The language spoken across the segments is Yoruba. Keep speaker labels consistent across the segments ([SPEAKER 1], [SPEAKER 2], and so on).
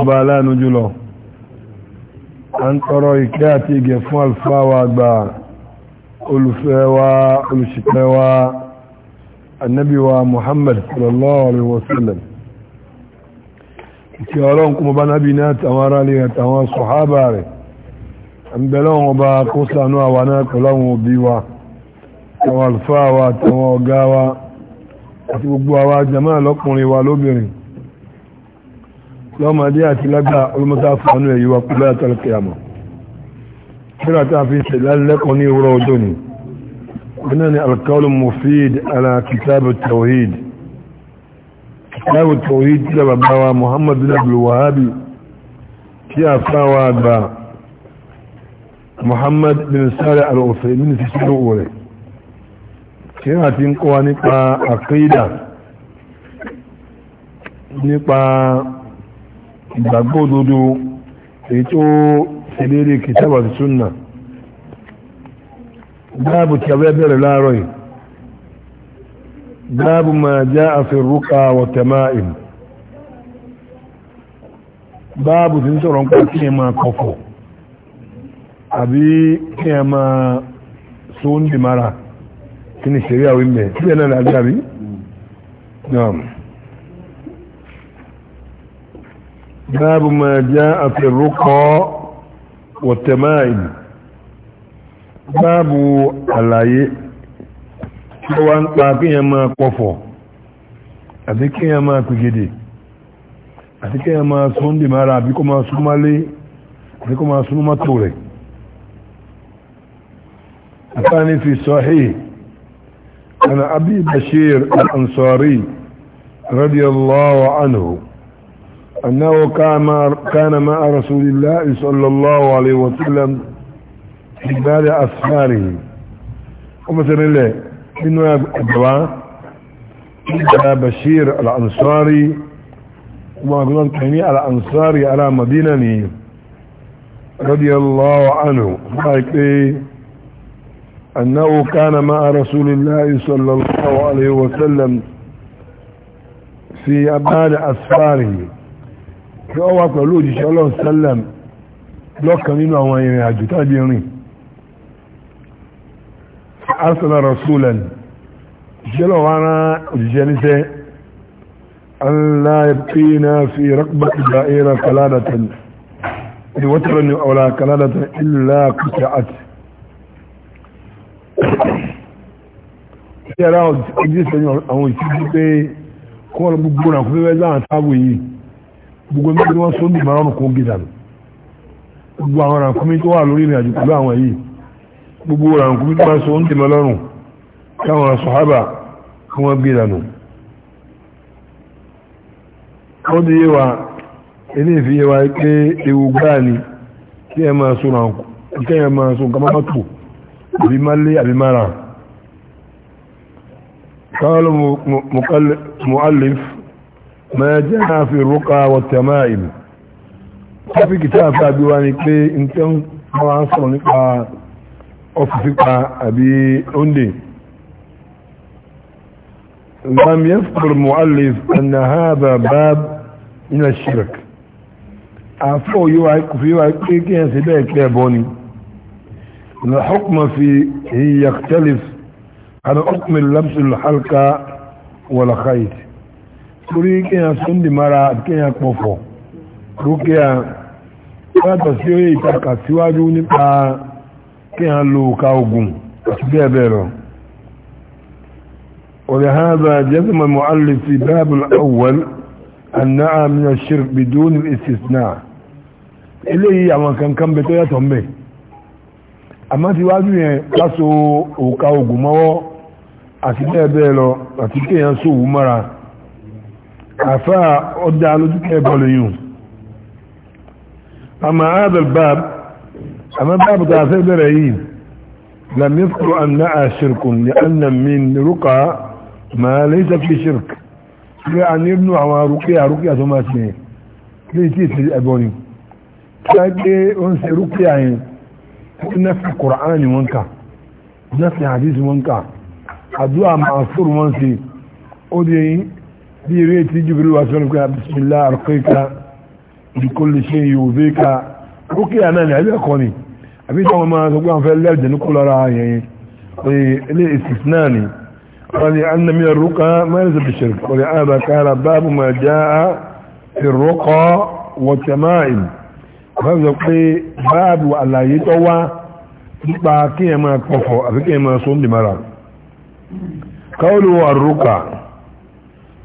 [SPEAKER 1] ọba aláàánú jùlọ a ń tọrọ ìkẹ́ àti ìgẹ̀ fún alfáwà àgbà olùfẹ́ wa olùṣìpẹ̀ wa annabi wa muhammad sallallahu alaihi wasallam ìkẹ́ ọlọ́run kúmọ bá nábi náà tàwọn ará lè àtàwọn sọ̀hábà rẹ̀ ń bẹ̀lọ́ wọn bá kó sànú àwa náà pẹ̀lọ́wọn òbí wa àwọn alfáwà àtàwọn ọ̀gá wa àti gbogbo àwa jàmáà lọ́kùnrin wa lóbìnrin lọ́mọ adé àti lágbà olùmọ́tà fàánù ẹ̀yí wa kú láyàtọ̀ lọ́kẹ́ àmọ́ kíra tá a fi ṣe lálẹ́kọ̀ọ́ ní ìwúrọ̀ ọjọ́ ni wọn náà ni alkaul mufid ala kitab tawhid kitab tawhid tí a bàbá wa muhammad bin abdul wahabi tí a fà wa muhammad bin sari al-usai min fi ṣe rúwúrẹ̀ kíra ti ń kọ́ nípa àkídà nípa ìgbàgbọ́ òdodo èyí tó ṣèlérí kìtàbà ti súnà báàbù tí a fẹ́ bẹ̀rẹ̀ láàárọ̀ yìí báàbù máa já àfẹ́rúkà wọ̀tẹ̀má ìlú báàbù tí ń sọ̀rọ̀ ń pa kí ẹ máa kọ̀fọ̀ àbí kí ẹ máa sóúnjẹ mara kí ni ṣeré àwọn ìmẹ̀ síbẹ̀ náà lábẹ́ àbí باب ما جاء في الرقى والتمائم باب àlàyé tí wọ́n ń pa kí yẹn máa pọ̀fọ̀ àti kí yẹn máa pìgèdè àti kí yẹn máa sọ́ndì mara àbí kó máa súnmọ́lé àti kó máa súnmọ́ mọ́tò rẹ̀ àtàní fi sahih ana abi bashir al-ansari radiyallahu anhu أنه كان مع رسول الله صلى الله عليه وسلم في بال أسفاره ومثلا الله إنه أدواء بشير الأنصاري وما أقول الأنصاري على مدينة رضي الله عنه أنه كان مع رسول الله صلى الله عليه وسلم في أبال أسفاره kí wọ́n wá pẹ̀lú òjíṣẹ́ ọlọ́run sẹ́lẹ̀m lọ́kàn nínú àwọn ìrìn àjò tàbí rìn arsala rasulan òjíṣẹ́ lọ wá rán òjíṣẹ́ níṣẹ́ allah yabqina fi raqbati da'ira kaladatan ni watarani awla kaladatan illa qita'at yara òjíṣẹ́ àwọn òjíṣẹ́ pé kọ́ gbogbo ràn kó fẹ́ tábù yìí gbogbo ẹgbẹ́ wọn sọ ń bì márùn kó gé dànù gbogbo àwọn rànkúmí tó wà lórí ìrìn àjò pẹ̀lú àwọn yìí gbogbo rànkúmí tó wà sọ ń tẹ̀mọ́ lọ́rùn káwọn sọ̀hábà kí wọ́n gé dànù ó di yé wa ilé ìfi yé wa pé ewu gbáà ni kí ẹ máa sọ rànkú kí ẹ máa sọ nǹkan mọ́tò àbí má lé àbí má ràn قال مؤلف ما جاء في الرقى والتمائم في كتاب أبيواني كي إن كان فرانسا نقع أفريقا أبي عندي لم يذكر المؤلف أن هذا باب من الشرك أفو يوعك في يوعك كي ينسبك يا بوني الحكم فيه يختلف عن حكم اللبس الحلقة والخيط torí kíyàn sunday mara kíyàn pọ̀fọ̀ rúkíyà yàtọ̀ sí oyè ìtakà síwájú nípa kíyàn lo òka ogun àti bẹ́ẹ̀ bẹ́ẹ̀ lọ ولهذا جزم المؤلف في باب الأول أنها من الشرك بدون الاستثناء eléyìí àwọn kankan bẹ tó yàtọ̀ mbẹ̀ àmọ́ ti wájú yẹn lásò òka ogun mọ́wọ́ àti bẹ́ẹ̀ bẹ́ẹ̀ lọ àti kéèyàn sòwú mọ́ra àfá ọdá alójúkẹ́ bọ́lù yìí àmà àádọ́l báb àmà báb tàà sí bẹ̀rẹ̀ yìí لم يذكر أنها شرك لأن من رقى ما ليس في شرك لأن يبنوا على رقية رقية ثم أسنين ليتي سيأبوني تلاقي أنسي رقية نفي قرآن وانكا نفي حديث وانكا الدعاء معصور وانسي أودي bí retí jibril wa sọ́nà pé bisimilá arqika bi kulli shay yudhika rúkìá náà ni àbí ẹ̀kọ́ ni àbí ìjọba máa sọ pé àwọn fẹ́ lẹ́ẹ̀dẹ̀ ní kó lára yẹn pé ilé ìsìs náà ni wọ́n ni anna min arruqa ma laysa bi shirk wọ́n ni àbá kára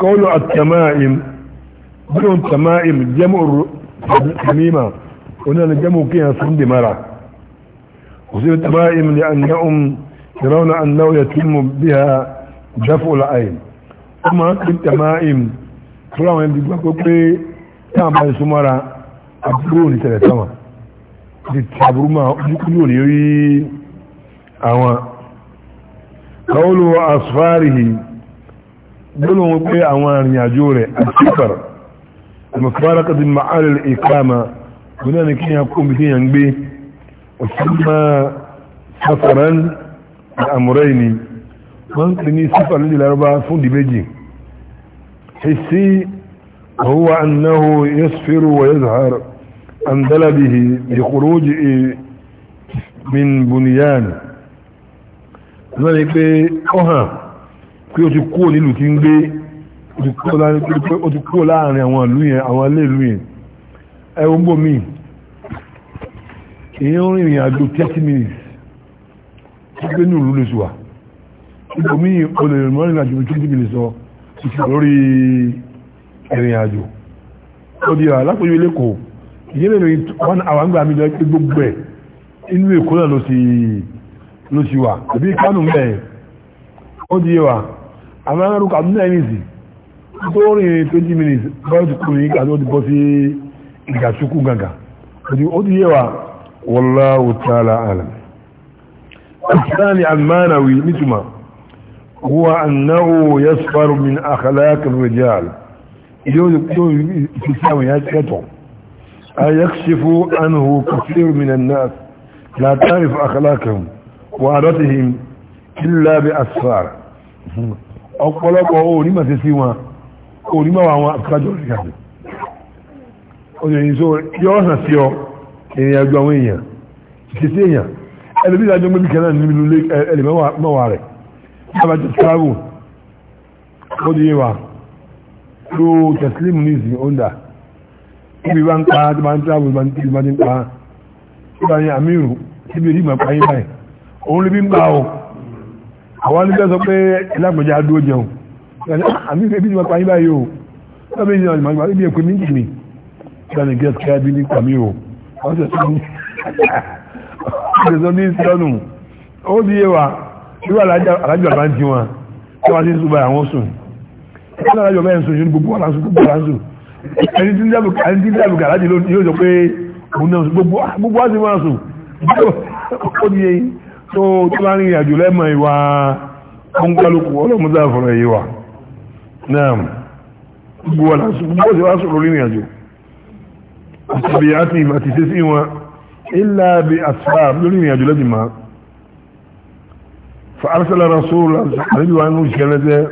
[SPEAKER 1] قول التمائم بدون تمائم جمع التميمة هنا جمع كيها صند مرة وسيب التمائم لأنهم يرون أنه يتم بها دفع العين أما التمائم فلما يبدو بي تعمل سمرة أبروني ثلاثة تتعبروا ما يقولون يوي أوان قوله أصفاره gbólóhùn pé àwọn arìnrìnàjò rẹ̀ àtìfàr mọ̀fárakàtí ma'alil ìkàmà gbóná ní kí yàn kóbi tí yàn gbé òṣìmá safaran àmúrẹ́ ni wọ́n هو أنه يسفر ويظهر عن بلده بخروج من بنيان ذلك أهام pé o ti kúrò nílùú tí ń gbé o ti kúrò láàrin àwọn ìlú yẹn àwọn ilé ìlú yẹn ẹwọ ń bò mí èyàn rìn ìrìn àjò 30 minutes tí gbé ní ìlú lóṣùwà ìbò mí o lè rìn ìrìn àjò 20 minutes sọ títí lórí ìrìn àjò ó di àlápòjú lẹ́kọ̀ọ́ ìyẹn lè rìn one hour ńgbà mi lọ pé gbogbo ẹ̀ inú èkó náà ló sì wà àbí kánú mẹ́ẹ̀ ó di wa àmọ́ ẹ̀rọ kà ní ẹ̀mìsì tó rìn 20 minutes bọ́ọ̀ ti kúrò yíká tó ti bọ́ sí ìgbàsókù gàgà ó ti yé wa wallahu ta'ala alam الثاني المعنوي نتما هو أنه يصفر من أخلاق الرجال يجوز في الساوي يتعطوا يكشف عنه كثير من الناس لا تعرف أخلاقهم وعادتهم إلا بأسفار ọ̀pọ̀lọpọ̀ onímọ̀ sí sí wọn onímọ̀ àwọn akájọ́ ìrìnkàjò òyìnbó yọ́ hàn sí ọ ìrìn àjò àwọn èèyàn ìṣesí èèyàn ẹlẹ́bí ìdájọ́ mẹ́bí kan náà nínú ẹlẹ́mẹ́wàá rẹ̀ yàrá ti travel ó di yé wa ló tẹ̀sílímù ní ìsìn ọ̀ndà níbi bá ń pa tí bá ń travel bá ń tí bá ń pa tí bá ń yà amíru tí bí rí màpá yín báyìí ń gbà àwọn nígbà sọ pé ìlàgbọ̀já dúró jẹun ah, àmì ìfẹ́ bí ti máa pa yín báyìí o lọ́bẹ̀ ìjìnà ìmọ̀ ìgbà ibi èkó méjì ni ìdáni gẹ́ẹ̀sì káyà bí ní pàmí o wọ́n sọ sí ìgbésọ ní ìsọ́nù ó di yé wa irú alájọ àbá ń ti wọn tí wọ́n tó tó bá rìn ìrìnàjò lẹ́mọ̀ ìwà ọmọkálukú ọlọ́mọdá fọ̀rọ̀ èyí wa náà gbogbo wà lásù gbogbo sí wá sọ̀rọ̀ rìn ìrìnàjò àtàbí àti ìmọ̀ àti ìṣesí wọn ilá bí àṣà lórí ìrìnàjò lẹ́dì máa fa arsala rasul àríbí wa nù ṣẹlẹ̀ jẹ́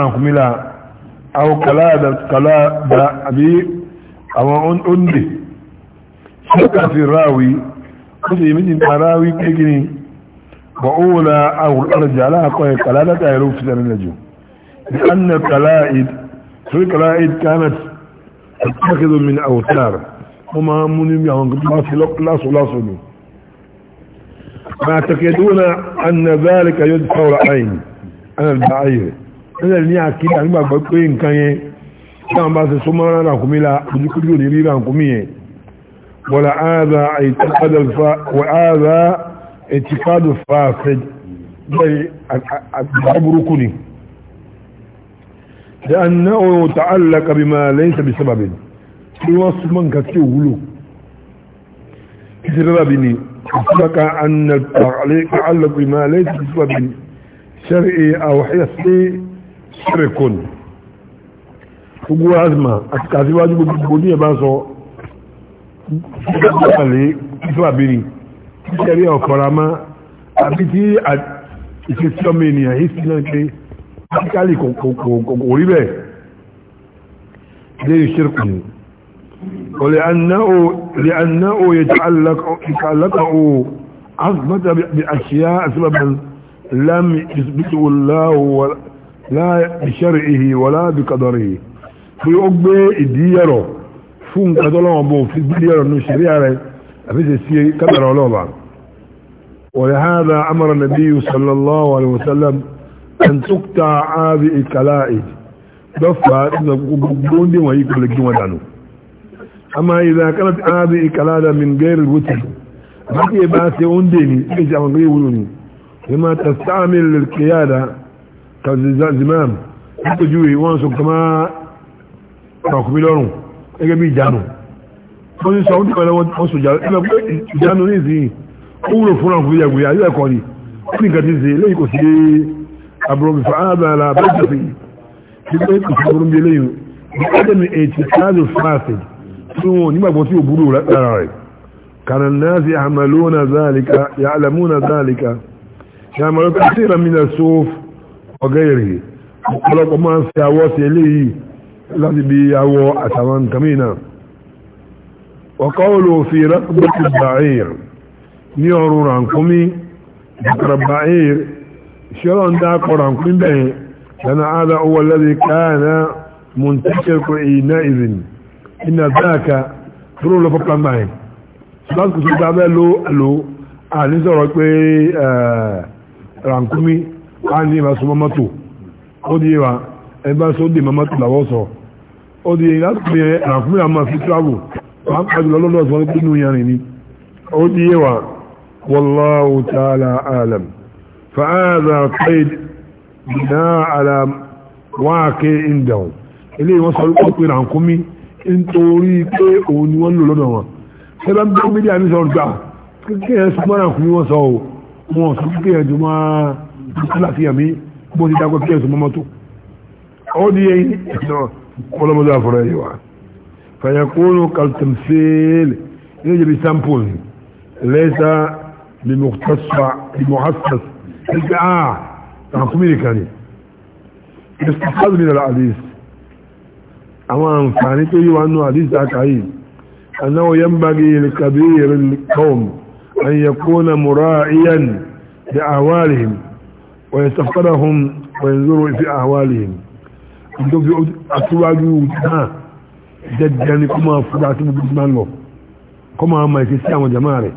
[SPEAKER 1] alábi او قلادة قلادة ابي او ان اندي شكا في الراوي كذي من الراوي كيكني واولى او الارجع لها قوي قلادة ايرو في سنة نجو لان القلائد في القلائد كانت تتخذ من اوتار هما منهم يهون قد لا صلاة صلاة ما تكيدون ان ذلك يدفع العين انا البعير lọ́jọ́ ní àkídà nígbàgbọ́ pé nǹkan yẹn táwọn bá ṣe súnmọ́ rán ràkúnmí la ojúkúrú ò ní rí ràkúnmí yẹn wọ́la áàdá ẹ̀tìkádù fàáfẹ́ jẹ́ àbúrúkú ni da an náà ta'allaka bí máa lẹ́yìn sàbí sábàbí tí wọ́n ṣẹ́rẹ̀kọ́nù gbogbo asma àtiwájú gbogbo ní ẹ̀bá sọ ìgbàlẹ̀ ìfàbìrì ìṣẹ̀rí ọ̀fọ̀ramá àbí tí ìṣesí ọmọ ènìyàn yìí sí náà pé áfíkálì kò rí bẹ́ẹ̀ lè ṣírkù ولأنه يتعلق يتعلقه أثبت بأشياء سببا لم يثبته الله ولا لا بشرعه ولا بقدره في أقبى الديارة فون قدلوا بو في الديارة أنه لي أفيد السيئة قدر الله ولهذا أمر النبي صلى الله عليه وسلم أن تقطع عابي الكلائد دفع إذا قبون دي ويقول لك جمدانه أما إذا كانت عابي الكلائد من غير الوتر ما هي باسي أنديني من غير ولوني لما تستعمل للكيادة kazimam nítorí wọ́n sọ kama ọkùnrin lọ́rùn gẹ́gẹ́ bí ìjánu wọ́n ti sọ ọdún kan wọ́n sọ ìjánu ní ìsìn ó wúlò fún ọkùnrin yàgbéyà yóò ẹ̀kọ́ ni ó ní nǹkan ṣe lẹ́yìn kò sí àbúrò mi fa àbàlà bẹ́ẹ̀ jẹ́ fi nígbà tí kò sí ní ètì sáàdù fàáfẹ̀ tí wọn nígbàgbọ́ tí ò burú lára rẹ̀ kàrà náà sí àmàlónà zálìkà zálìkà yàmàlókà sí ìrànmínà sófù ọgẹ́rẹ̀ ọ̀pọ̀lọpọ̀ máa ń fi awọ́ sí eléyìí láti bí awọ àtàwọn nǹkan mìíràn ọkọ̀ọ̀lù fi rẹ́pùpù bàáyìr ní ọrùn rànkúmí bàkàrà bàáyìr ṣọ́rọ̀ ń dákọ̀ rànkúmí bẹ̀yìn lana ada owó lẹ́dí káàna mùntẹ́kẹ̀kù ìná ìzìn iná dáka dúró lọ fọ́pá máyìn a ní ìbá sọ mọ́mọ́tò ó di wa ẹgbẹ́ sọ di mọ́mọ́tò làwọ́ sọ ó di láti pè é àkúrẹ́ àmọ́ fi travel wọ́n á pàdé lọ́lọ́dọ̀ sọ nínú yẹn ni ó di wa والله تعالى أعلم فهذا قيد بناء على واقع عندهم ilé wọn sọ wípé pé ràǹkúmí nítorí pé òun ni wọ́n lò lọ́dọ̀ wọn ṣẹlá ń bọ́ mídíà ní sọ̀rọ̀ gbà kíkẹ́ ẹ̀ súnmọ́ ràǹkúmí wọ́n sọ wọn sọ kíkẹ́ ẹ̀ jù máa aláfihàn mi bó ti dákọ̀ kíyèsí mọ́mọ́ tó ó di yẹn ìnà kọlọ́mọdé àfọ̀rọ̀ yìí wá fàyàkóònù kàlùtàmfèèlì ní ìjẹbi sampol lẹ́sà bimuhassas ẹgbẹ́ a ah, àkúmìnì kan ni ìsìkàdù nínú àdìs àwọn àǹfààní tó yí wa nù àdìs àkàyè anáwó yẹn bá gé yẹn kàbí yẹn kọ́ọ̀mù an yakuna muraiyan da awalihim ويستفقدهم وينظروا في أهوالهم nítorí aṣíwájú náà jẹjẹ ni kó máa fúra tí gbogbo máa lọ kó máa ma ìṣẹ́ sí àwọn jama rẹ̀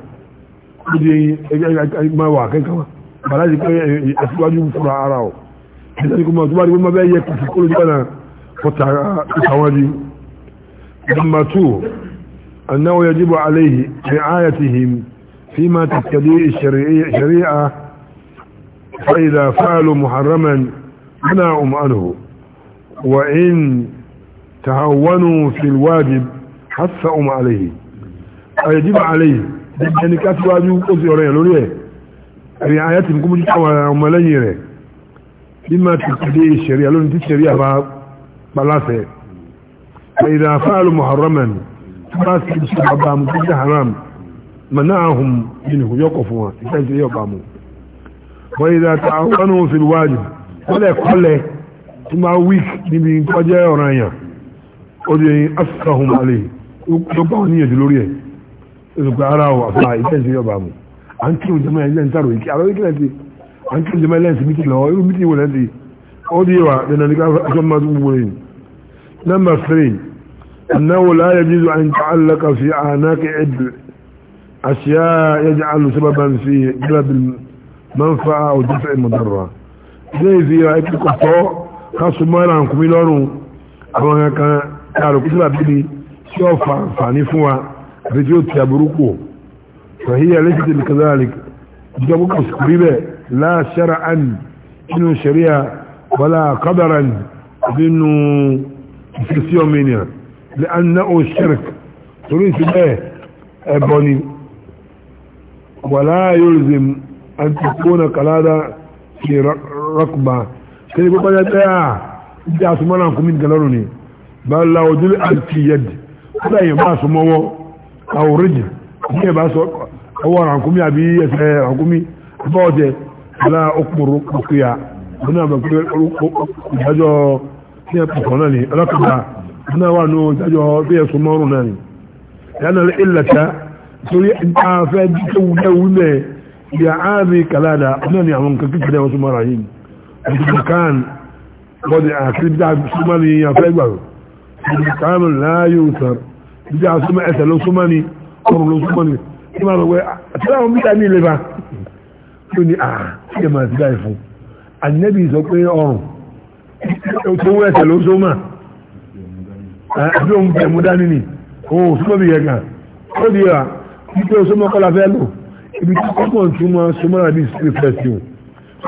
[SPEAKER 1] ó di máa wà kẹ́kọ̀ọ́ bàrá ti pé aṣíwájú fúra ara ọ̀ nítorí kó máa tó bá rí máa bẹ́ yẹ kùsù kó ló gbọ́nà fọ́ta ìtàwájú nàmbà 2 annáwó yajibu alayhi ri'ayatihim fi ma tàkàdé ìṣẹ̀rí'à فإذا فعلوا محرما منعهم عنه وإن تهونوا في الواجب حثهم عليه فيجب عليه يعني كاتب واجب قصي ورين لوليه رعايتهم كم جدا وملاني رين بما تقضي الشريعة لون دي الشريعة بلاسة فإذا فعلوا محرما فاس كبسوا حرام منعهم منه يقفوا يقفوا wọ́n yìí dáa àwọn ọ̀nà òfin wájú wọ́n lẹ̀ kọ́lẹ̀ tó máa wík níbi kọjá ọ̀rọ̀ àyàn ó di ẹyin asùsàhùn alẹ́ tó bá wọn níyànjú lórí ẹ̀ ìsopẹ́ ara ọ̀ àfà ìtẹ́sí ọba mu à ń kírun mítì lọ́wọ́ irú mítì wò lẹ́yìn ti ó di dandan nígbà aṣọ máa gbogbo yìí. nọ́mbà three anáwó láyé jíjù à ń ta ẹ̀dùn àṣìyá yẹjẹ manfa'a wa jafa'in mudarra zai fi ya aiki kwato kasu mara hankumi lọ́rùn àwọn kan kààrù kúrò àbílì tí ó fa àǹfààní fún wa àti tí ó ti àbúrúkú fahiyya lè fìdí kazalik ìjọba kò sì rí bẹ́ẹ̀ la shara'an nínú sharia wala qadaran nínú ìfẹ́sí ọmọnìyàn lè an náà shirk torí sí bẹ́ẹ̀ ẹbọ ni wala yulzim an tukuna kalada ke rakba ta yi kwakwanya daya da su mana kumin galaru ne ba lawajul alti yadda kuma yi ba su mawo a wurin ne ba su awon hankumi abi ya tsaye hankumi ba waje ala ukuru kukuya muna ba kudajo ne kukuna ne rakba muna wa no dajo biya su maru ne yana illata sori ta fẹ́ dukkan wuce bí ààbí kàládà náà ni àwọn nǹkan kíkẹ́dẹ̀ wọ́n súnmọ́ra yìí bukán bọ́dẹ̀ àkíríbíjá súnmọ́ ni yà fẹ́ gbàrù bukán láyé òtàr bíjá súnmọ́ ẹsẹ̀ ló súnmọ́ ni ọrùn ló súnmọ́ ni tí máa lọ́wọ́ àti láwọn bíjá ní ilé bá tó ní à ah, tí yẹ máa ti dá ìfún ànẹ́bí sọ pé ọrùn tó wọ́ ẹsẹ̀ ló súnmọ́ àbí òun bẹ̀mú dání ni òun súnmọ́ bí yẹ gan ó di à wípé ó súnmọ́ kọ́lá fẹ́ lò ibi tí kọ́kọ́ ń súnmọ́ súnmọ́ àbí ìfẹ̀sìn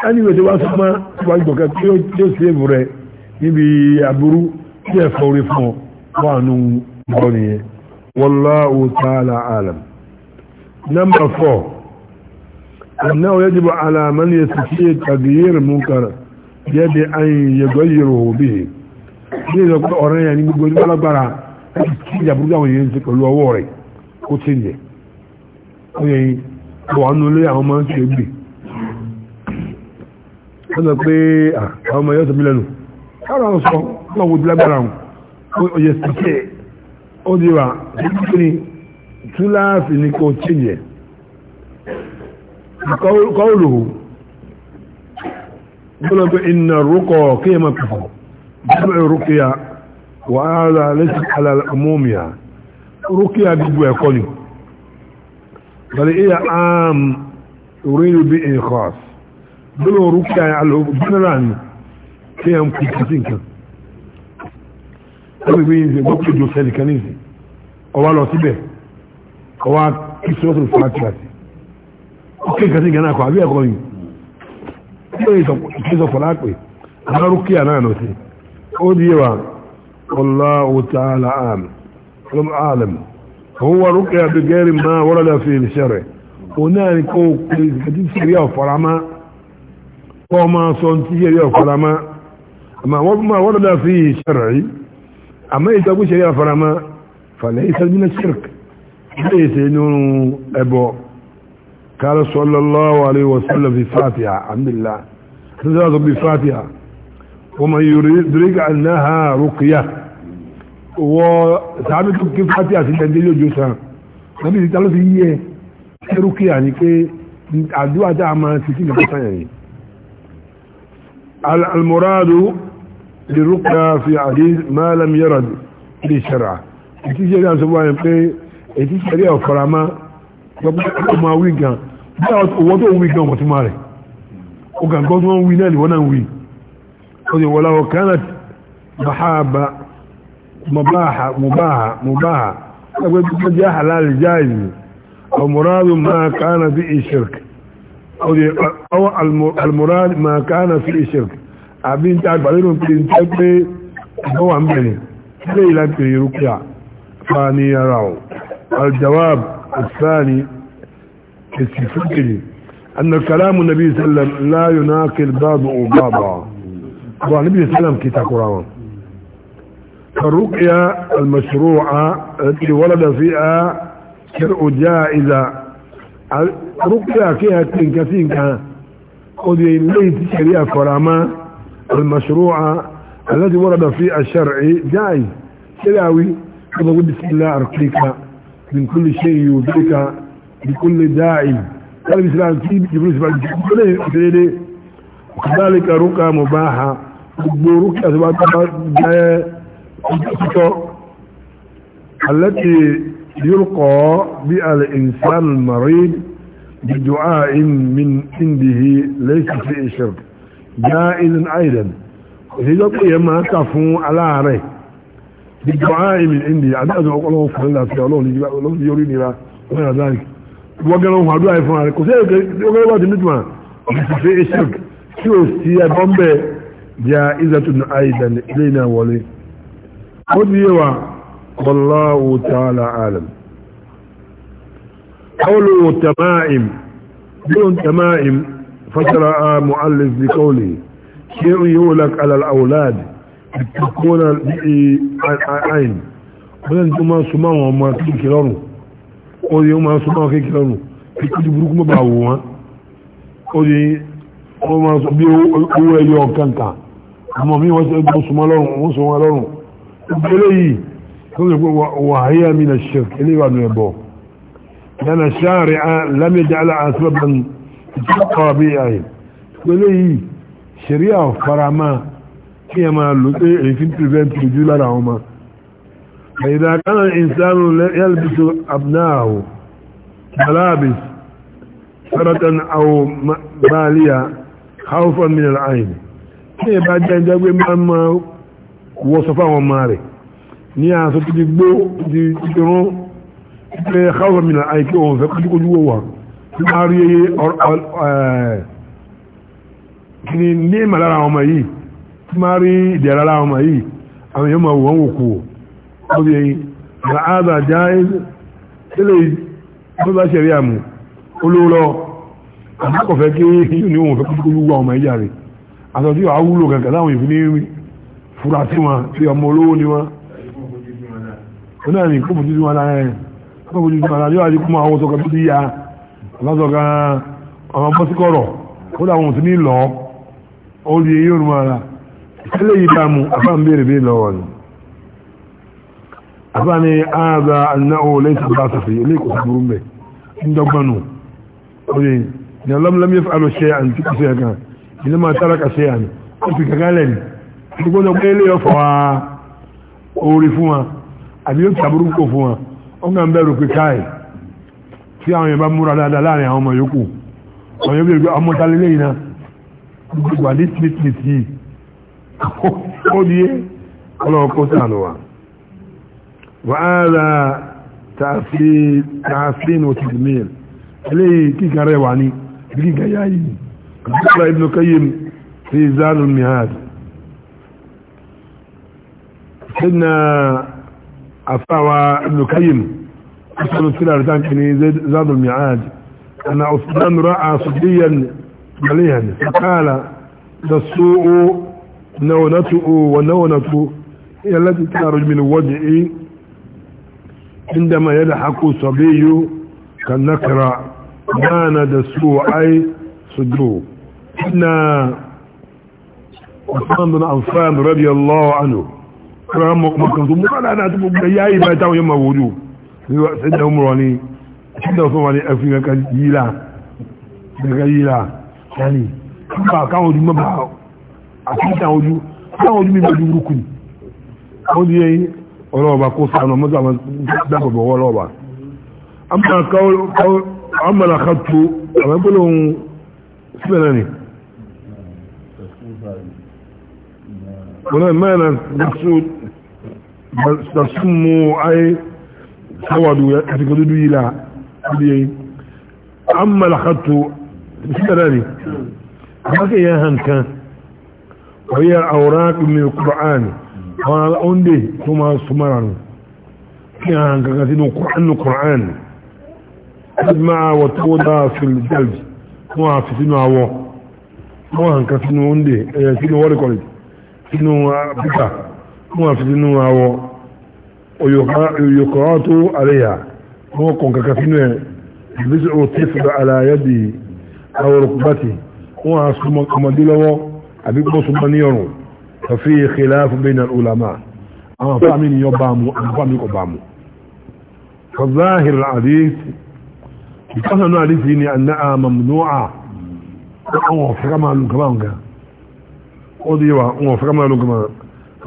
[SPEAKER 1] ẹniwẹ̀ tí wá súnmọ́ wá gbọ̀kẹ́ tí ó tí ó sèvù rẹ̀ níbi àbúrú tí ẹ̀ fọ́rí fún ọ wà nù bọ́ nìyẹn wallahu ta'ala alam number four أنه يجب على من يستطيع تغيير منكر يد أن يغيره به ní ìlọ́pọ̀ ọ̀rẹ́ yẹn ni gbogbo ẹni lágbára láti kí ìjà burúkú àwọn èèyàn ń ṣe pẹ̀lú ọwọ́ rẹ̀ kó tí ń yẹ àwọn anúlé àwọn ọmọ ṣe gbè ọ́nà pé àwọn ọmọ yọ́sọ̀ mílẹ̀nù kára ń sọ lọ́wọ́ ìdílágbára wọn oye síkẹ́ ó di wà ní túláàsì ní kò chíyẹ̀ kọ́ọ̀lù gbọ́nà pé iná rúkọ̀ kí ẹmọ pẹ̀fọ̀ gbọ́nà rúkìá wà بل هي إيه عام أريد به خاص بلو ركع على الجنران فيهم كتابين كان أبي بينزي بوكي جو سالي كنيزي أولو سيبه أولو كسوة الفاتحة أوكي كتابين كان أكو أبي أكو كيزو فلاكوي أنا ركع أنا نوتي أوديوا والله تعالى عام لم أعلم هو رقية بغير ما ورد في الشرع هناك كو كتب سريع فرما وما سنتي سريع فرما أما ما ورد في شرعي أما يتقول سريع فرما فليس من الشرك ليس إنه أبو قال صلى الله عليه وسلم في فاتحة الحمد لله تزاد بفاتحة ومن يدرك أنها رقية wọ sàánú tó kí fati àti tẹ̀lé lójú sàn nàbí ìdíta ló fi yí ẹ ẹrúkìá ni pé àdúrà tá a máa ti kí nǹkan sáyẹn yìí almoradu lè rúkà fi àdí máàlám yọrọ lè ṣẹra ètí ṣe dáa sọ́wọ́ yẹn pé ètí ṣe rí ọ̀fọ̀ra má gbogbo máa wí gan bí owó tó wí gan ọ̀tún máa rẹ̀ ó gàngán wí náà ni wọ́n náà wí ó sì wọ́n bàhábà مباحة مباحة مباحة أقول جاء حلال جائز أو مراد ما كان فيه الشرك أو, أو المراد ما كان فيه الشرك أبين تعرف عليهم تنتبه هو عم بني ليلة في ركيع فاني يراو الجواب الثاني السفكري أن الكلام النبي صلى الله عليه وسلم لا يناقل بعضه بعضا طبعا النبي صلى الله عليه وسلم كتاب قرآن كالرقية المشروعة التي ولد فيها شرع جائزة رقية كيها تنكسين كان قد يليت شريعة فراما المشروعة الذي ورد فيها الشرعي جاي. شلاوي كما قلت بسم الله أرقيك من كل شيء يوضيك بكل داعي قال بسم الله أرقيك جبريل سبحانه وكذلك رؤية مباحة رقى سبحانه ìjọ́ التي يلقى بها الإنسان المريض بدعاء من عنده ليس فيه شرك جائز أيضا يلقى ما كفو على ريه بدعاء من عنده أنا أدعو الله فعلا الله في الله يريني لا وغير ذلك وقالوا هدوء يفعل عليك وقالوا بعد النجمة ليس فيه شرك شو السياء بمبي جائزة أيضا إلينا وليه ó di yé wa wallahu ta'ala alam قوله تمائم دون تمائم فترى مؤلف بقوله شيء يولك على الأولاد تكون عين ولن تما سما وما تكلرون او يوم سما كيكلرون كيكي بروك ما باو او دي او ما سبيو او يو كانتا اما مي واسو سما لرون وسو لرون eléyìí tó ń gbogbo wàhíyà mi na ṣe eléyìí wà ní ẹ̀bọ̀ yana ṣáàrì lámẹ́jà aláàsọ́bàn ìtọ́kọ̀ bí ayé eléyìí ṣẹ̀ríà farama kí ẹ máa lò pé èyí fi ń prevent lára àwọn ọmọ فإذا كان الإنسان يلبس أبناءه ملابس سرة أو بالية خوفا من العين كيف بعد أن جاءوا kò wọ́n sọ fáwọn ọmọ rẹ̀ ní aṣọ tó ti gbó ti rán pé káwọn mìíràn àìkí òun fẹ́ kójúkójú wò wà tí wọ́n rí kìnnì ní ìmọ̀ lára àwọn ọmọ yìí tí wọ́n rí ìdẹ̀ lára àwọn ọmọ yìí àwọn èèyàn máa wọ́n wò kú ó bí ẹyin ra áàbà já tó bá ṣẹ̀rí àmù olóòrọ̀ àbúkọ̀fẹ́ kí ní òun fẹ́ kójúkójú wà ọmọ ìjà rẹ̀ àtọ̀ tí wà á kankan láwọn ìfúnni rí fura sí wọn bí ọmọ olówó ni wọn ó náà ní kó fojú sí wọn lára ẹ̀ kó fojú sí wọn lára yóò àdínkù àwọn ọ̀sọ̀ kan tó ti ya lọ́sọ̀ kan ọmọ bọ́síkọ̀rọ̀ ó dà wọn sí ní lọ ó di eyín òrùn ara eléyìí bá mu àfáà ń béèrè béèrè lọ́wọ́ ni àfáà ni ààbà anáwó lẹ́yìn sábà sàfẹ́ eléyìí kò sí burú mbẹ́ ń dọ́gbọ́nù ó di ní ọlọ́mọlọ́mọ yẹn fà lọ ṣe àǹtíkù sí ẹ̀kan máa tára kà ṣe àná ó fi kankan lẹ́nu gbogbo pé ilé ọ̀fọ̀ wa orí fún wa àbí yóò tàbí rúkò fún wa wọ́n kàn bẹ̀rù pé káì tí àwọn yẹn bá múra dáadáa láàrin àwọn ọmọ yòókù àwọn yóò bèèrè ọmọ ta lélẹ́ yìí náà gbogbo àdé tìtìtì yìí ó di ọlọ́wọ́ kó sànù wa wàhálà tààfin òtìmíl eléyìí kíkà rẹ̀ wà ní kíkà yáyìí àbúkọ̀ ibn Qayyim fi Zadul Ma'ad سيدنا عفاوة ابن كيم أسأل كده رتان كني زاد المعاد أن عثمان رأى صديا مليها فقال تسوء نونته ونونته هي التي تخرج من وجهي عندما يلحق صبي كالنكرة ناند دسوء أي صدوه إن عثمان بن عفان رضي الله عنه ọ̀rọ̀ mọ̀kànkan tó múkà dáadáa tó gbogbo ẹ̀yà e ìbá ìtàwọn yóò máa wòlò ṣẹ́dá ọmọrọ̀ ni ṣẹ́dá ọ̀fẹ́ wà ní ẹ̀fìn kankan yíra kankan yíra yanni káwọn káwọn ojú mọ́ba àtúntà ojú káwọn ojú mi bá dúró kù ní. ó di ọ̀rọ̀ ọba kó sànù ọmọdé àwọn dábọ̀bọ̀ wọ́ ọlọ́ọ̀ba. àmàlà ká tó àwọn ẹgbẹ́ lóhun síbẹ̀ náà ni. ولا معنى مقصود tasummu ay sawadu ya katika dudu ila dudu amma lakhattu bisharani haka ya hanka wa hiya awraq min alquran wa undi kuma sumaran ya hanka katika alquran alquran تجمع وتوضع في الجلد هو في سنو هو هو هنكا سنو وندي سنو ورقل سنو بكا wọ́n fi sínú awọ òyòkọ́ tó àríyà wọ́n kàn kàkà sínú ẹ̀ ìbísí ó tí fìdá aláyẹ́dì awọ̀rọ̀kùbátì wọ́n a súnmọ́ kọmọdé lọ́wọ́ àbí kọ́ súnmọ́ ní ọ̀rùn kàfí khilaf bayna ulama àwọn fáàmì ni yọ báàmù àwọn fáàmì kọ báàmù fọ́záhìr àdíìsì ìkọ́sànú àdíìsì ni àná àmàmùnúà wọ́n fẹ́ kama lùkàmà ó di wa wọ́n fẹ́ kama lùkàmà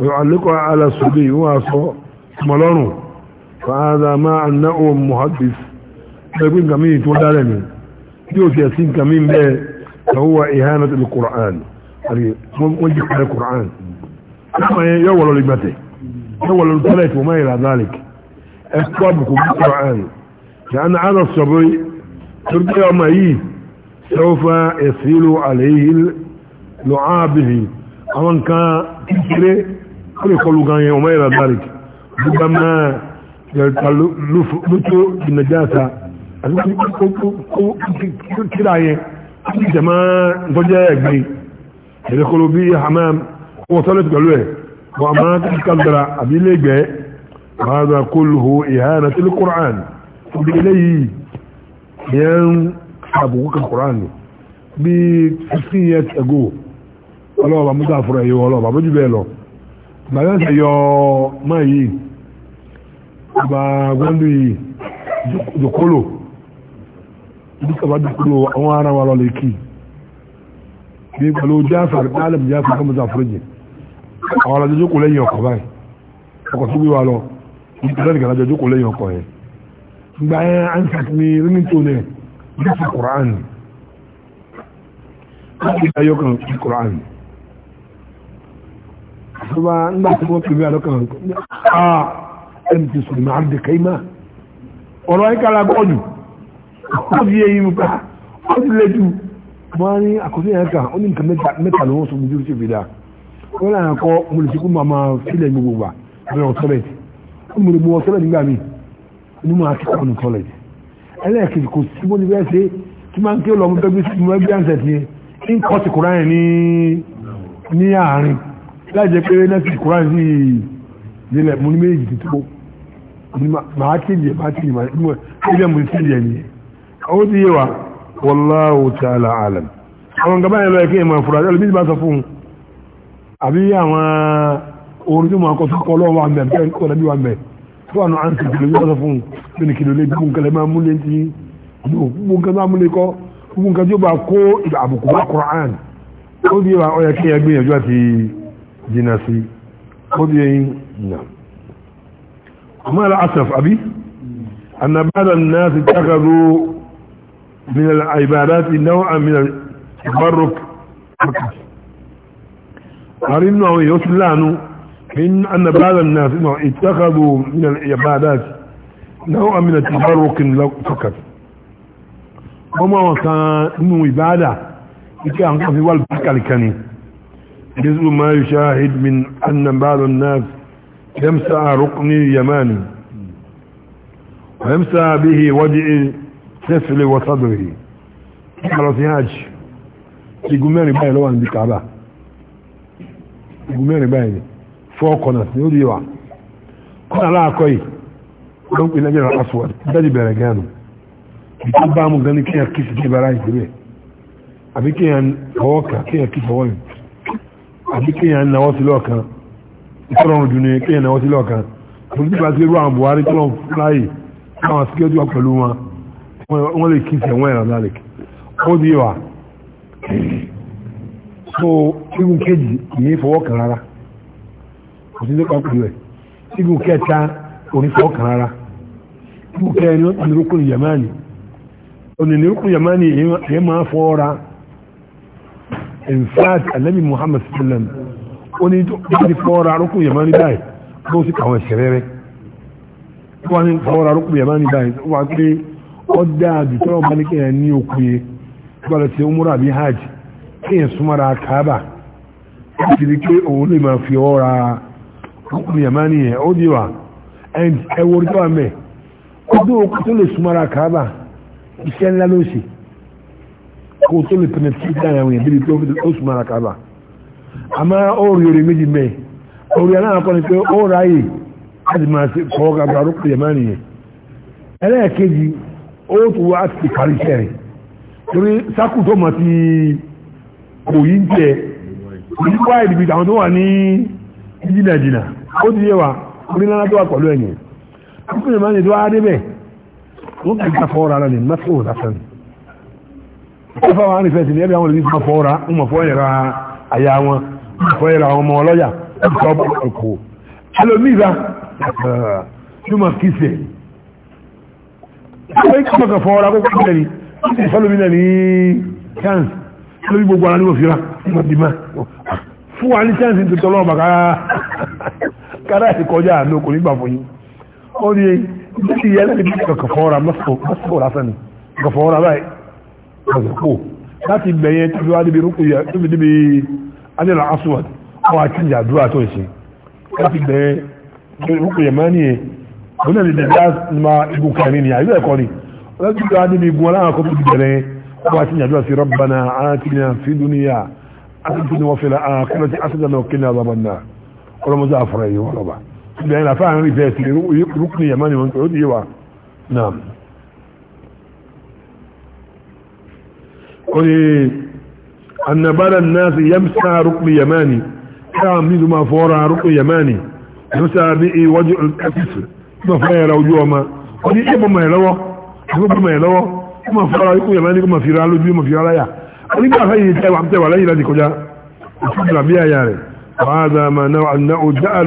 [SPEAKER 1] ويعلقها على السبي واسو ملونه فهذا ما أنه محدث يقول كمين لني يوسف ياسين كمين به فهو إهانة القرآن يعني على القرآن كما يولى لبته يولى لبته وما إلى ذلك أكبركم بالقرآن لأن هذا الصبي ترجع معي سوف يسهل عليه لعابه أمن كان كثيره kọ́lù kọlu gan yẹn ọmọ ìrà dáríkì gbogbo máa yẹ̀rẹ̀ta lótó ìnàjáta àti kíra yẹn kí jẹ̀má ntọ́jẹ́ ẹ̀gbẹ́ ẹ̀rẹ́ kọlu bí hamam wọ́n tọ́lẹ̀ pẹ̀lú ẹ̀ wọ́n a máa kí kàndara àbí lẹ́gbẹ̀ẹ́ هذا كله إهانة للقرآن بإليه ينصبوك القرآن بكثية أقول ọlọ́ọ̀bà mú sáfúrẹ̀ yíò ọlọ́ọ̀bà mójú bẹ́ẹ̀ lọ bàyọ́sà yọ mọ́ yìí ọba gbọ́ndù yìí jòkólò ìdíkàbá jòkólò àwọn ará wa lọ lè kí bí pẹ̀lú jáfàrí alẹ́mù jáfàrí kọ́mọ̀ sáfúrẹ́jì àwọn alájọ jókòó lẹ́yìn ọkọ̀ báyìí ọkọ̀ tó gbé wa lọ ìpínlẹ̀ nìkan alájọ jókòó lẹ́yìn ọkọ̀ yẹn gba yẹn ansat mi rímìtò nẹ bí ti kùránì láti ayọ́kan ti kùránì àtúbà ńgbà tí wọ́n fi bí alọ́kàn àà ẹni ti sùn máa ń dè kẹ́ ìmá ọ̀rọ̀ ayíká lágbọ́ jù ó fi yé yìí pa ó ti lé jù wọ́n ní àkọsí yẹn kan ó ní nǹkan mẹ́ta ló wọ́n sọ gbogbo ṣe fi dá wọ́n náà kọ́ mo lè ṣekú màmá sílẹ̀ gbogbo gbà bẹ́ẹ̀ wọ́n sọ́lẹ̀ ó mo lè mú wọn sọ́lẹ̀ nígbà mí inú máa ti kọ́ ní sọ́lẹ̀ ẹlẹ́ẹ̀kejì kò sí bó ni bẹ́ẹ̀ ṣe tí máa ń ké lọ́mọ bẹ́ẹ̀ bí ṣe mo bẹ́ẹ̀ àárín láìjẹ́ pé nẹ́ẹ̀sì kúrán sí nílẹ̀ mo ní méjì ti tó màá kéde màá kéde màá kéde màá kéde mo ti kéde ẹni ó ti yé wa wallahu ta'ala alam àwọn nǹkan báyìí lọ ẹ̀kẹ́ ìmọ̀ ìfura ẹ̀lú bí ti bá sọ fún un àbí àwọn orin tí mo kọ́ sọ kọ́ lọ́wọ́ wa mẹ́ bẹ́ẹ̀ lẹ́bí wa mẹ́ tó wà nù ánsì kìlọ̀ yóò sọ fún un bí ni kìlọ̀ lé gbogbo nǹkan lẹ́ máa múlé ti gbogbo nǹkan máa múlé kọ́ gbogbo tí ó bá kó àbùkù جناسي خذ قضيين نعم وما الاسف أبي أن بعض الناس اتخذوا من العبادات نوعا من التبرك قريبنا يسلان من أن بعض الناس اتخذوا من العبادات نوعا من التبرك فقط وما وكان إنه عبادة إذا يعني؟ كان في والبكة لكني جزء ما يشاهد من أن بعض الناس يمسع ركن يماني ويمسع به وجع سفل وصدره مرسيهاج يقول ماني باين لو عندي كعبة يقول ماني باين فوق ناس يقول يوع قال لا كوي لو إن أجل الأسود بدي برقانه يقول بامو غني لي كيف كيف كيف رايك بيه أبي كيف هوكا كيف كيف هوكا àbí kéèyàn náwó sí lọ́ọ̀kan ìtọ́rọ̀rùn dùn ní kéèyàn náwó sí lọ́ọ̀kan àbí tí wàá ti rú àwọn Buhari tọ́lọ̀ fúláyì káwọn síkẹ́tù wà pẹ̀lú wọn wọ́n lè kí sẹ̀wọ́n ẹ̀rọ lálẹ́ ó di wà so igun kejì ní fọwọ́ kan rárá kò sí nípa pẹ̀lú ẹ̀ igun kẹta òní fọwọ́ kan rárá igun kẹrin ní rúkùn Yamani òní ní Yamani èèyàn máa fọ́ ra in fact anabi muhammad sallam ó ní ní fọ́ọ̀rọ̀ arúgbó yamani báyìí bó sì kàwọn ìṣẹ̀rẹ́ rẹ̀ wọ́n ní fọ́ọ̀rọ̀ arúgbó yamani báyìí wọ́n pé ó dáa jù tọ́rọ̀ bá ní kéèyàn ní òkú yẹ wọ́n lọ sí umura bí hajj kéèyàn súnmọ́ra kaaba ó sì rí pé òun lè máa fi yamani yẹn ó di wa ẹ̀wọ̀n tó wà mẹ́ ọdún òkú tó lè súnmọ́ra kaaba iṣẹ́ ńlá ló ṣe kó tó lè pẹ̀lẹ̀ tí ìdá àwọn èèyàn débi pé ó sùn mara kaba àmọ́ ó rí orí méjì mẹ́ orí aláàkọ́ ni pé ó ráyè láti máa ṣe kọ́ kaba rúkú yẹn máa nìyẹn ẹlẹ́ẹ̀kejì ó tún wá ti parí iṣẹ́ rẹ̀ torí sákù tó mọ̀ ti kò yí ń jẹ èyí wá ìdìbì àwọn tó wà ní jìnnàjìnnà ó ti yé wa orí ńlá tó wà pẹ̀lú ẹ̀yìn rúkú yẹn nìyẹn tó wá débẹ̀ wọ́n kì í ká fọ́ ra rẹ̀ ní mẹ́fọ́ lásán ẹfà wọn rìfẹ́ sí ní ẹbí àwọn olùdí fún ọfọ́ra ń mọ̀ fọ́ ìra àyà wọn fọ́ ìra àwọn ọmọ ọlọ́yà ẹ̀kọ́ ọkọ̀ ẹlòmíìra ṣúmọ̀ kìsẹ̀ ẹgbẹ́ ìkọ́kọ̀ fọ́ra kókó ìjẹ́ ni ìfẹ́lómìnà ní chance lórí gbogbo ara ní mo fira ìmọ̀dìmá fún wa ní chance tuntun lọ́wọ́ bàkà kára ìkọjá àná kò nígbà fún yín ó ní ìdíkì yẹn lẹ́ni bí kọ̀kọ̀ fọ́ra mọ́sọ̀rọ̀ lásán ni kọ̀kọ̀ fọ́ra báyìí àsìkò láti gbẹ̀yẹn tí wọ́n níbi rúkú yà níbi níbi anila aswad àwọn akíjà àdúrà tó ń ṣe láti gbẹ̀yẹn rúkú yà máa nìyẹn wọ́n náà lè dẹ̀dẹ̀ ma igun kẹrin ni àyíká ẹ̀kọ́ ni wọ́n ti gbẹ̀yẹn níbi igun aláwọ̀ kó tó ti bẹ̀rẹ̀ àwọn akíjà àdúrà sí rabbana atina fid dunya asibiti wọ́n fẹ́lẹ̀ akẹ́lẹ́tì asibiti náà kí ní azaban náà ọlọ́mọdé àfọ̀rẹ́ yìí wọ́n lọ́ba gbẹ̀yẹn làfáà ń rí bẹ́ẹ̀ sí rúkú wọ́n ti yé wa náà oye annabara nasi yamsa rukun yamani káwọn mílù máa fọ́ra rukun yamani yamsa ní iwájú ẹ̀fíìsì ma fọ́ ẹ̀rọ ojú ọma ó ní ẹ̀bọ̀ mọ̀ ẹ̀lọ́wọ́ ẹ̀bọ̀ mọ̀ ẹ̀lọ́wọ́ ó ma fọ́ra rukun yamani kó ma fi ra lójú ma fi ra láyà ó ní gbà fẹ́yìn tẹ́wà tẹ́wà lẹ́yìn láti kọjá ìfúnra bí àyà rẹ̀ wàhálà ma náà àná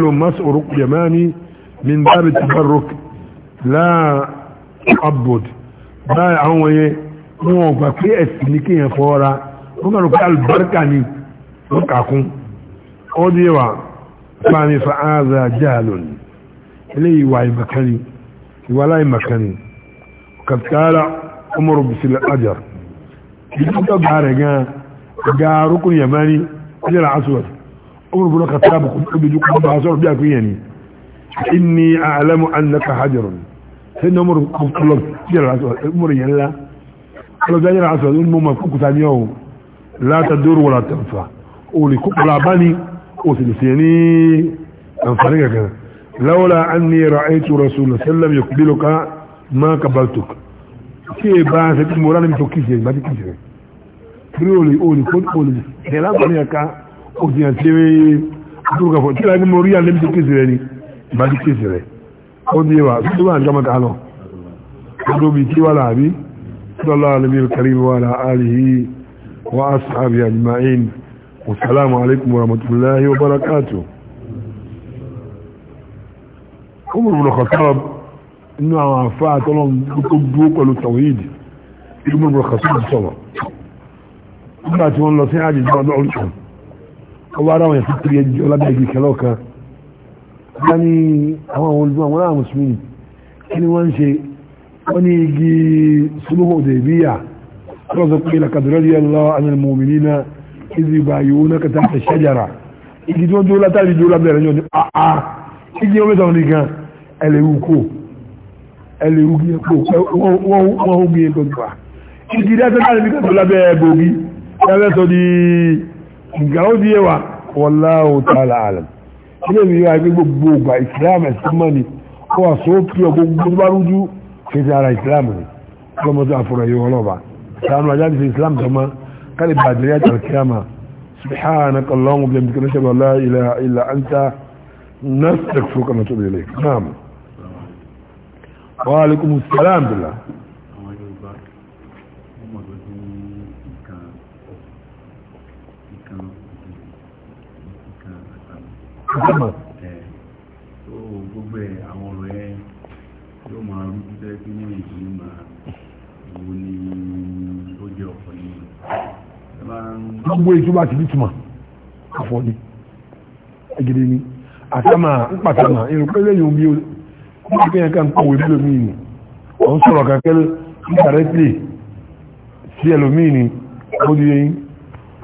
[SPEAKER 1] ó masu rukun yamani min dábì tabarruk láà abud báyà àwọn wọ̀nyẹn wọn ò gbà pé ẹ̀sìn ní kéèyàn fọ́ra wọ́n mẹ́rin pé alùbáríkà ni wọ́n kà kún ó dé wà fani fa'aza jaalun ilé ìwà ìmàkani ìwà láìmàkani kàtàrà umaru bisil ajar ìdí tó bá rẹ̀ gan ga rukun yamani ajar aswad umaru bin khattab kun bi duk ba so bi akun yani inni a'lamu annaka hajarun sai umaru kun kullu ajar umaru yalla ọlọ́jọ́ yẹn aṣọ ní mọ́mọ́ kúkúta ní ọ̀hún látàdúró wọ̀lá tẹ̀fà olè kúkúla bá ní òsìlìsì ní àǹfààní kankan lawla anni ra'aytu rasulullah sallam yuqbiluka ma qabaltuk tí è bá ṣe tí mo rán mi tó kìí ṣe ìgbàdí kìí ṣe rí olè olè kó olè ṣe lágbàáyé ká òsìyàn tí àdúró kan fọ tí láì ní mo rí àlẹ́ mi tó kìí ṣe ní ìgbàdí kìí ṣe rẹ̀ ó di wa tó wà ní صلى الله على الكريم وعلى آله وأصحابه أجمعين والسلام عليكم ورحمة الله وبركاته عمر بن الخطاب إنه عفاة طلعا بتبوك والتوحيد عمر بن الخطاب صلى قرأت والله سيعة جزء دعوة الله رأى يفكر يجي ولا بيجي كلوكا يعني أما هو الزمان ولا مسلمين كل وان شيء wọ́n ní igi suluhu òdèbíyà wọ́n sọ pé lakadúrẹ́dì ẹlọ anil mu'minina izi báyìí náà kẹta àti ṣẹ́jára igi tí wọ́n dúró látàrí dúró lábẹ́rẹ́ ní ọdún ah, àá ah, igi wọ́n mẹ́ta wọn nìkan ẹlẹ́wù kò ẹlẹ́wù kí ẹ kò wọ́n ó gbé ẹgbẹ́ gbà igi dáṣẹ́ láti ní kẹta lábẹ́ bògì lábẹ́ sọ di nǹkan ó di ẹwà wallahu ta'ala alam ilé mi yóò wá gbogbo ògbà ìsìlámù ẹ̀sìn mọ́ni ó wà sóòpì ọgbogbo tó bá rújú kéde ara islam ni ọlọ́mọdé àfọ̀rọ̀ yìí ọlọ́ba sànù àjáde fi islam tó mọ́ kálí bàjẹ́ yàtọ̀ kíámà subhanaka allahumma bi amdika nashhadu an la ilaha illa anta nastaghfiruka wa natubu ilayk wa alaykum assalam billah Thank you. gbogbo èyí tó bá ti bìtùmọ̀ àfọ́ ni agidi ni àtàmà ńpàtàmà irun pé lẹ́yìn omi ó ní kí ẹ̀ka ń kọ̀wé bí lómi ni ọ̀ ń sọ̀rọ̀ kankan indirectly sí ẹlòmíì ni ó di yẹn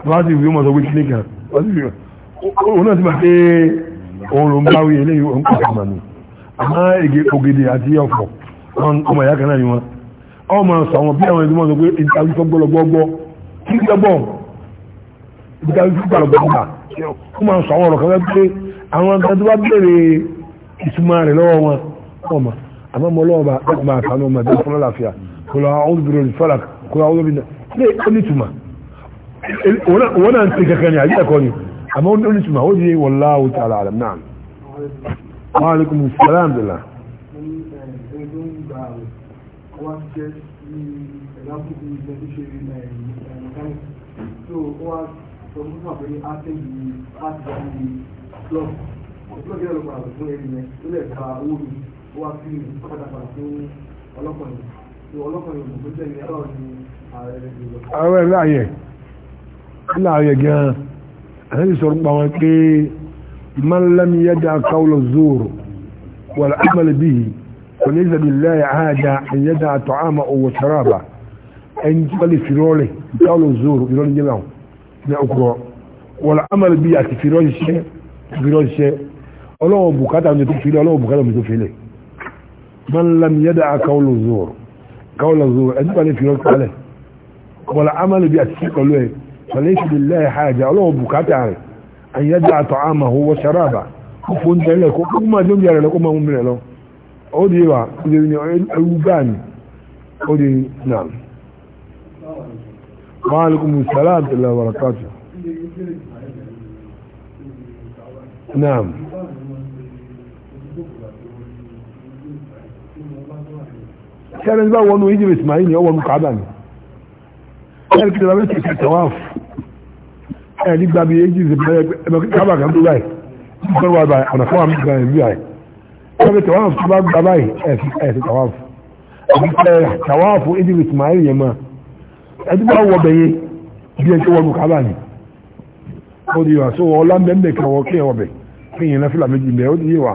[SPEAKER 1] wọ́n ti wí ọmọ sọ pé kíní kan wọ́n ti wí òun náà ti máa pé òun ló ń bá wí eléyìí òun pàtàmà ni àmọ́ ògèdè àti ọ̀fọ̀ ọmọ ìyá kan náà ni wọ́n ọmọ sọ àwọn bí àwọn ẹgbẹ́ wọn sọ pé ìtàkùn gbọ́lọ́gbọ́gbọ́ kí gbọ́gbọ́
[SPEAKER 2] ibi ká fífi gbàlọ́ gbàgbà
[SPEAKER 1] ó máa ń sọ àwọn ọ̀rọ̀ kan wípé àwọn nǹkan tó bá bèrè ìtumọ̀ rẹ̀ lọ́wọ́ wọn ọmọ àmọ́ mo lọ́wọ́ bá ẹ̀kọ́ máa kà ní ọmọ ẹ̀dá fún lọ́láfíà kò lọ àwọn olùbẹ̀rẹ̀ olùfọ́lá kò lọ àwọn olùbẹ̀rẹ̀ ilé onítùmọ̀
[SPEAKER 2] òun náà ń ṣe kankan ní
[SPEAKER 1] àyè ó di wallahu ta'ala alam na'am. wa alaikum salaam dila.
[SPEAKER 2] So, what tó mú wà pé á tẹ̀lé láti wà ní club ọ̀pọ̀ ìgbà ló padà fún ẹni yẹn ó lè owó mi wá sí ìlú fún ọlọ́kùnrin ní ọlọ́kùnrin òmùgbé tẹ̀lé ẹ̀rọ ní ààrẹ rẹ̀ jùlọ.
[SPEAKER 1] àwọn ẹ̀rọ ayẹ ẹ̀rọ ayẹ gan-an ẹ̀rọ ti sọ̀rọ̀ pa wọn pé man lam yada qawla zuru wal amal bihi وليس بالله عادة أن يدع طعامه وشرابه أن يقبل في رولي قالوا الزور في رولي جمعهم ní ọkọ̀ wala amàlù bí àti fi ránṣẹ́ olowo bukata mi fi lẹ́ ọlọ́wọ́ mi tó fi man lam yẹ́dà àkàwọ̀lọ̀ zọ̀rọ̀ kàwọ̀lọ̀ zọ̀rọ̀ ẹni bá ní fi ránṣẹ́ kalẹ̀ wọ́la amàlù bí àti fi pẹ̀lú ẹ̀ pẹ̀lẹ́ ìṣù lẹ́ an yẹ́dà àtọ̀ àmà sharaba kó fún tẹ́lẹ̀ kó kó máa dé oúnjẹ rẹ̀ kó máa mú وعليكم السلام الله وبركاته نعم كان الباب وانو يجي باسماعيلي هو مكعبان قال كده بقى في التواف قال بقى بيجي مكعبا كان بقى بقى بقى انا فاهم كان بقى كان التواف كباب بقى ايه في التواف التواف وايدي باسماعيلي يا ما ẹni bá wọ bẹ̀yẹ bí ẹ ṣe wọ lù kábà ni ó di wà so ọlá ń bẹ ń bẹ kí wọ́n kí ẹ wọ bẹ̀ kí ìyẹn lẹ́fìlà méjì ń bẹ ó di yé wa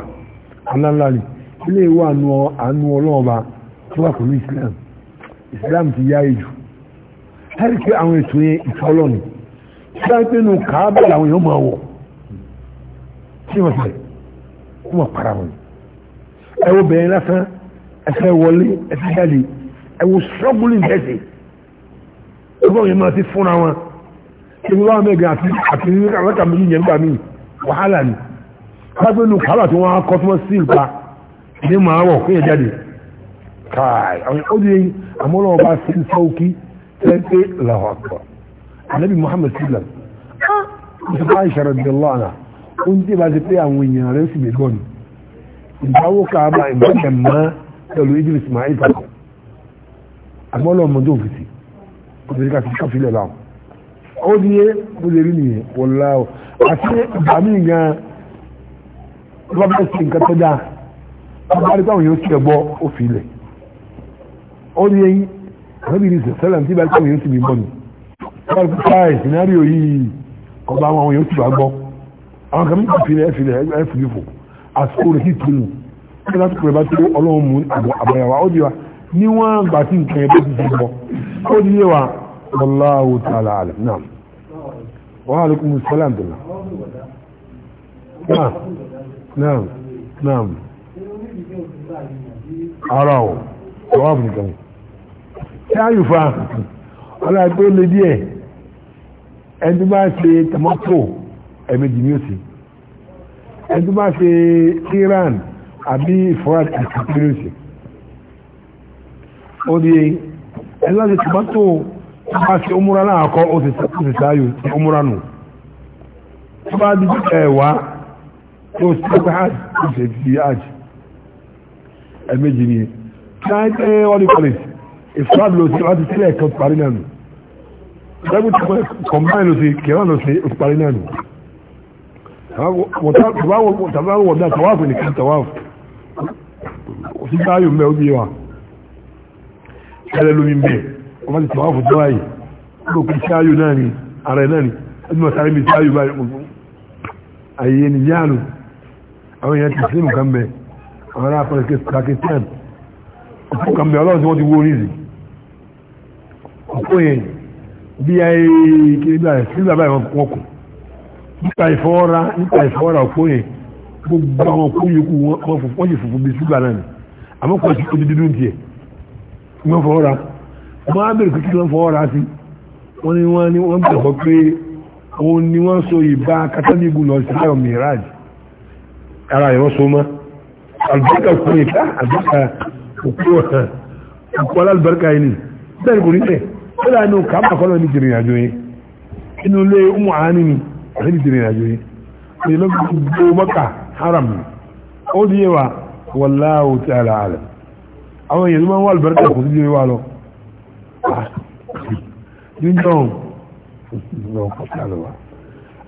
[SPEAKER 1] aláńlá ni ilé ìwọ àánú ọlọ́ọ̀ba tó wà pẹ̀lú Islam Islam ti yá ejù ẹ̀rí pé àwọn ètò yẹn ìtọ́lọ́ ni ṣáà pé nù kábà làwọn èèyàn máa wọ̀ tí wọ́n sẹ̀ kó wọ́n para wọn ẹ wo bẹ̀yẹn lásán ẹsẹ̀ wọlé ẹsẹ̀ jáde ẹ wo struggling ẹsẹ̀ ẹgbọ́n yẹn máa ti fúnra wọn ibi wá mẹ́gbẹ̀ àti àti nígbàmẹ́ta méjì yẹn gbà mí wàhálà ni kágbénu kàrà tí wọ́n á kọ́ tí wọ́n sí ìpa ní máa wọ̀ kó yẹ jáde káàì àwọn ó di àmúlọ́wọ́ bá sí sọ́ọ́kí tẹ́tẹ́ làwọn àgbà anabi muhammed sallam musa aisha radiyallahu anha ó ń tẹ́ bá ti pé àwọn èèyàn rẹ̀ sì gbẹ̀gọ́ ni ìgbàwó kàá máa ìgbàgbẹ̀ máa pẹ̀lú idris ismail pàtó àmọ́lọ́mọdé òfìsì obìnrin ká fi káfílẹ̀ láwọn ó ní yé bó lè rí nìyẹn wọlá o àti ìgbàmí gan lọ́wọ́ bá ṣe nǹkan tó dáa wọ́n bá rí pé àwọn yóò ti ẹ̀ bọ́ ó fi ilẹ̀ ó ní yé àbẹ́bí ní sẹ́lẹ̀ tí bá rí pé àwọn yóò ti bí bọ́ ni wọ́n rí pé káà ìsìnárìó yìí kọ́ bá àwọn yóò ti bá gbọ́ àwọn kan bí filẹ̀ filẹ̀ ẹ̀ fò àsìkò rẹ̀ sì tún un kí lásìkò rẹ̀ bá tó ọlọ́run mú àbọ̀yàwó ó di wa níwọ̀n gbà tí nǹkan ẹ̀bọ́ ti ti bọ̀ ó di yíwa wallahu ta'ala alam naam wa alaikum salam dùnà naam naam naam ara o ọwọ́ àbùn kan tí a yù fa ọlọ́pẹ́ lè díẹ̀ ẹni tó bá ṣe tamato ẹ̀mẹ́jì ní òsì ẹni bá ṣe iran àbí ìfọ́ra ẹ̀kọ́ ní odi ẹlọ́dì tí bá tó bá ṣe ọmúra náà kọ́ ó sì sáyò tí ọmúra nù tó bá di ẹ̀wà tó sì pẹ́ hajj tó sì fi hajj ẹ̀mẹ́jì ni kíláńtẹ́ wọ́n ní kọ́lẹ̀ ìfúrádì ló sí wọ́n ti sílẹ̀ kan parí náà nù lẹ́gbẹ̀ẹ́ tó pẹ́ kọ̀mbáìn ló sí kẹwàá ló sí ó ti parí náà nù tàbá wọ̀ dá tàwáfù nìkan tàwáfù ó sì sáyò mẹ́ ó bí wa ẹ̀rẹ́ lómi ń bẹ̀ ọmọ ti tọ́wọ́ fún báyìí ó kí ṣááyù náà ni ara ẹ̀ náà ni ẹni mọ̀ sáré mi ṣááyù báyìí gbogbo ayé ni yáàlù àwọn èèyàn ti sí nǹkan bẹ̀ àwọn ará afẹ́rẹ́ Pakistan ọ̀pọ̀ kan bẹ̀ ọlọ́run tí wọ́n ti wó oríṣi ọ̀pọ̀ yẹn bí ayé kiri báyìí sí bàbá ìwọ̀n wọn kù nípa ìfọwọ́ra nípa ìfọwọ́ra ọ̀pọ̀ yẹn gbogbo àwọn kó yòókù wọ́n sì funfun bí ṣúgà náà ni àmọ́ kò sí wọ́n fọ́ra wọ́n á bèèrè kíkí wọ́n fọ́ra sí wọ́n ni wọ́n ni wọ́n pé òun ni wọ́n so ìbá kátàlígù lọ sí ayọ̀ mìíràn ara ìwọ́n so mọ́ àlùbáríkà kò ní ká òkú yìí bẹ́ẹ̀ kò ó dà nù kàmà ní àjò inú àánì ni àti ní àjò ó haram a àwọn èèyàn ló máa ń wà lùbẹ́rẹ́tà kò sí lè wà lọ níjọ́un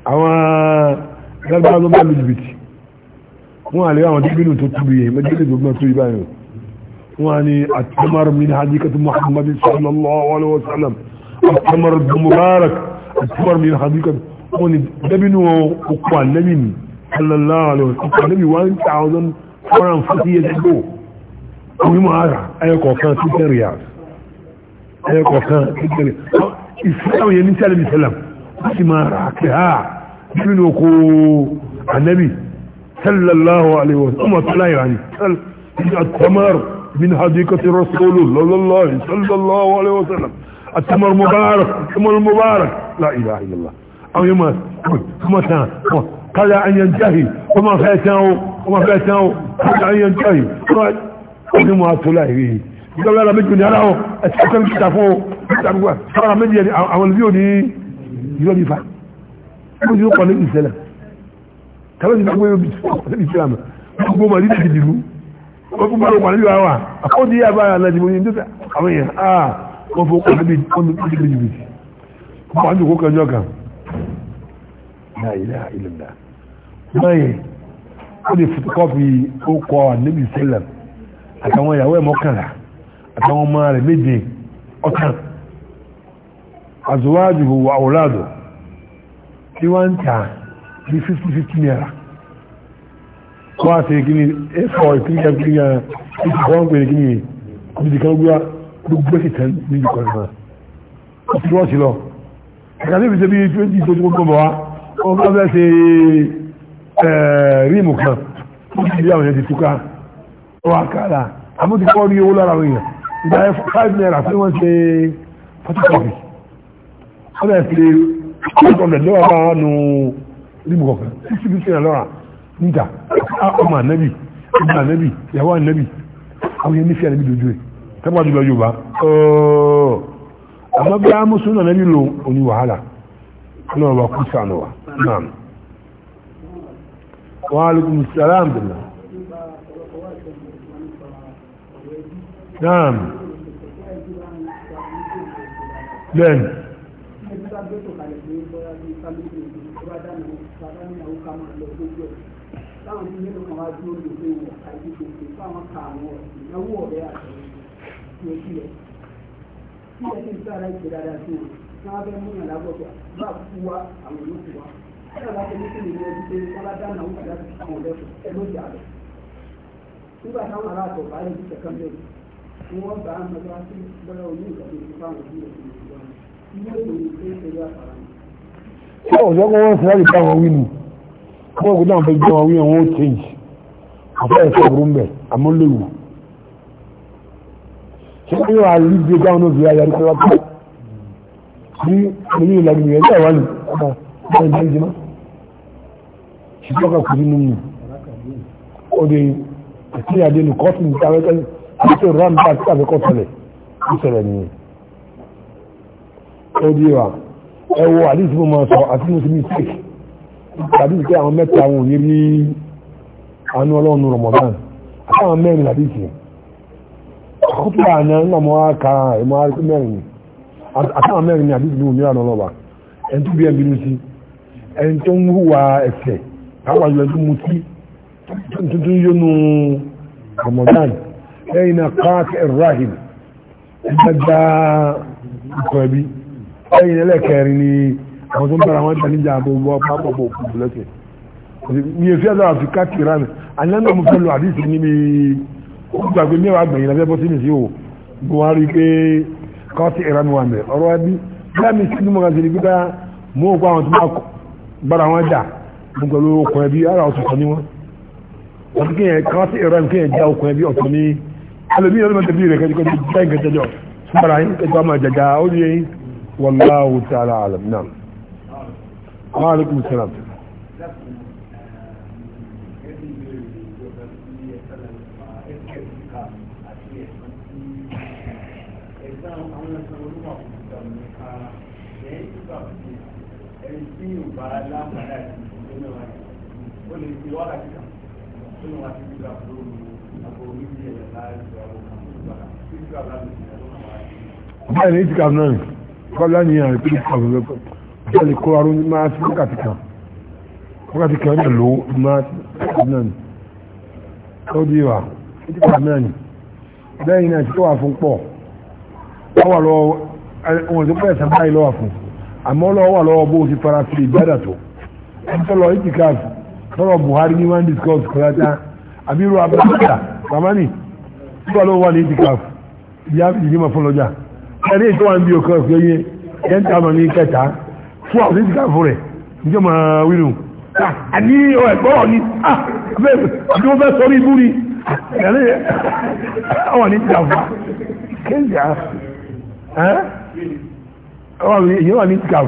[SPEAKER 1] àwọn gbẹ́gbẹ́ ló máa lu jìbìtì wọ́n àlè àwọn dìbìnù tó tóbi yẹn mẹ́jìlẹ̀ tó gbọ́n tó ibà yẹn wọ́n ni àtàmàrà min hadikati muhammadin sallallahu alaihi wasallam àtàmàrà mubarak àtàmàrà min hadikati wọ́n ni dẹ́bìnù okùn ànẹ́bìn sallallahu alaihi wasallam okùn ànẹ́bìn 1440 years ago mímọ̀ ara ẹyọkọ̀ọ̀kan tí tẹ́ rí àrùn ẹyọkọ̀ọ̀kan tí tẹ́ rí ìsìláwò yẹn ní sẹ́lẹ̀mì sẹ́lẹ̀m wọ́n sì máa rà kẹ́ ha nínú oko anabi sallallahu alaihi wa sallam tó láyé wani atamar min hadikati rasulu lallahi sallallahu alaihi wa sallam atamar mubarak atamar mubarak la ilaha illallah àwọn yẹn máa kuma tán kala an yantahi kuma fẹ́ tán o kuma fẹ́ tán o kala an yantahi ní mo ato láì rí nígbà wẹ́rẹ́ méjì ní ara ọ ẹ̀sìn ọ̀kẹ́ mi kíta fún ọ kíta gbogbo sára méjì ẹni àwọn olùbí ò ní yọ nífa ó ti kọ́ níbi ìṣẹ̀lẹ̀ kálọ́ ti gbàgbé yóò bí ọ̀sẹ̀ bí ìṣẹ̀lẹ̀ àmọ́ gbogbo mọ̀ níbi ìdìdì rú ó fún bá lóko níbi wàhálà àkọ́ di yàrá báyà náà ti mo yin dókítà àwọn èèyàn á ah, wọ́n fún ọkọ̀ níbi ìdìdì rú ó ní fotokọ́pì ó kọ́ níbi ìṣẹ̀lẹ̀ àtàwọn ìyàwó ẹ̀ mọ́kànlá àtàwọn ọmọ rẹ̀ méje ọ̀tàn àzọwájú wà ọ̀làdọ̀ tí wọ́n ń ta bí fifty fifty naira kọ́ àti ìkíni ẹ̀fọ́ ìpínlẹ̀ ìpínlẹ̀ ìpínlẹ̀ ìpínlẹ̀ ìkíni kùdìdì kan gbúra gbogbo sì tẹ́ níbi kan náà ọtí wọ́n ti lọ ẹ̀ka níbi tẹ́ bí twenty tó ti gbogbo bọ̀ wá wọ́n bá fẹ́ ṣe ríìmù kan ó wà kààlà àmúti kọ́ rí owó lára rèèyàn ìgbà ẹ̀ five naira tí wọ́n ṣe photocopy wọ́n dẹ̀ fi eight hundred lọ́wọ́ bá nu ríbu kọ̀ọ̀kan sixty fifty naira lọ́ra níta ọmọ ànẹ́bì ọmọ ànẹ́bì ìyàwó ànẹ́bì àwọn yẹn nífẹ̀ẹ́ ànẹ́bì dojú ẹ̀ tẹ́gbà jùlọ Yorùbá ọ̀ọ́ àmọ́ bí a mú sunu ànẹ́bì lo oní wàhálà ọlọ́run wa kú sànù wa naam. wa alaikum salaam billah. náà bẹ́ẹ̀ni
[SPEAKER 2] nígbà táwọn aráàlú ọ̀bá ti tẹ̀kọ́ mẹ́rin tí wọ́n bá ń lọ sí bọ́lá oní ìgbàlódé fún àwọn ìlú ìgbàlódé ilé ìròyìn tó ń tẹ̀lé àpàrà.
[SPEAKER 1] Ṣé ọ̀sẹ̀ kan wọ́n sẹ́yà lè ká wọn wí ni? Àwọn òkúta àwọn fẹ́ gbé wọn wí àwọn ó change. Àfẹ́ ẹ̀ṣọ́ burú ń bẹ̀, ìwà ni ọba ọba ìdá ìjìmá. Ṣé tí wọ́n kà kú sínú mi? Ó de àti ní àti ram bá tí àfikọ́ tẹ̀lẹ̀ ìṣẹ̀lẹ̀ ni ó di wa ẹ wo àdìsí mo máa sọ àti mo ti ní sèk àdìsí pé àwọn mẹ́ta àwọn òye rí àánú ọlọ́run rọmọdán àti àwọn mẹ́rin àdìsí àkókò àná nígbà mo wá ka ìmọ̀ àríkú mẹ́rin àti àwọn mẹ́rin àdìsí mi ò ní àná ọlọ́ba ẹni tó bí ẹni bínú sí ẹni tó ń hùwà ẹ̀ṣẹ̀ káwájú ẹni tó mutí tuntun yónú rọmọdán. أين قاطع الراهن بدأ ìkọ̀ẹ̀bí ẹ̀yìn ẹlẹ́kẹ̀ẹ́rin ni àwọn tó ń bára wọn jà níjà àbòbò pápọ̀bò òkùnlẹ́sẹ̀ mi è fi àdára fi káàkiri rán àyánà mo fẹ́ lo àdísì níbi ó gbàgbé mẹ́wàá gbẹ̀yìn lábẹ́ bọ́ sí mi sí o bó wá rí pé káàtì ìran wà mẹ́ ọ̀rọ̀ àti kéèyàn káàtì ìran kéèyàn já okùn ẹbí ẹlòmí ọlọ́mọ tẹ̀lé rẹ̀ kẹjọ kẹjọ jẹ́ ìkẹjọ sípàrà yín kẹjọ ọmọ jẹjà ó ní ẹyìn wallahu ta'ala alam náà wa alaikum salam Thank you báyìí ní ìtìkà náà kọ́lá ní àrẹ pé ìtìkà náà bẹ́ẹ̀ lè kó arún máa sí wákàtí kan wákàtí kan náà ló máa sí ìtìkà náà ni ó di wà ìtìkà náà ni lẹ́yìn náà títọ́ wà fún pọ̀ wà lọ́wọ́ wọn tó pẹ́ ẹ̀sán báyìí lọ́wọ́ fún àmọ́ lọ́wọ́ wà lọ́wọ́ bó ti fara sí ìgbádà tó ẹni tó lọ ìtìkà tọ́rọ Buhari ní wọ́n discuss kọ́lá tá àbí ru abẹ́rẹ́ bàbáni nígbà ló wà ní ìdíkàf ìyá ìdíjìmọ̀ fún lọ́jà ẹni ètò wà ń bí ọkọ̀ ọ̀fẹ́ yé ẹ̀ńtà mọ̀ ní kẹta fún àwọn ìdíkàf rẹ̀ níjọ́ máa wínú àní ẹ̀gbọ́n ni àbí wọ́n fẹ́ sọ ní ibú ni ẹ̀rẹ́ ọwà ní ìdíkàf kéjà ẹ̀ẹ́ ọwà ní ìdíkàf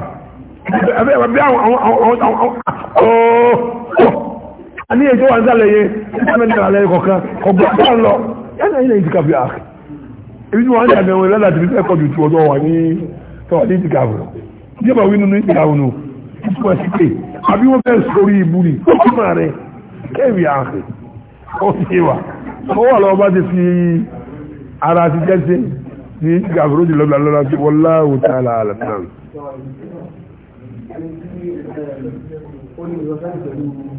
[SPEAKER 1] ẹ̀bẹ́ àwọn ní ẹjọ́ wà ń sálẹ̀ yẹ ìsẹ́mẹ́lẹ̀ alẹ́ kọ̀ọ̀kan ọgbà kan lọ yánà ilẹ̀ ìdíkàbí àk ibi tí wọ́n ń dàgbẹ̀ wọn lọ́la ti fi fẹ́ kọjú tí ọjọ́ wà ní tọ́wà ní ìdíkàbí lọ ìjọba wí nínú ìdíkàbí nù ìtumọ̀ sí pé àbí wọ́n fẹ́ sórí ìbú ni ọmọ rẹ̀ kẹ́rì àk ó ti wà ó wà lọ́wọ́ bá ti fi ara ti jẹ́sẹ̀ ní ìdíkàbí lójú lọ́la lọ́la tí wọ́n láwù tá a làálà náà. ó ní
[SPEAKER 2] ìrọ̀lá ìtọ́jú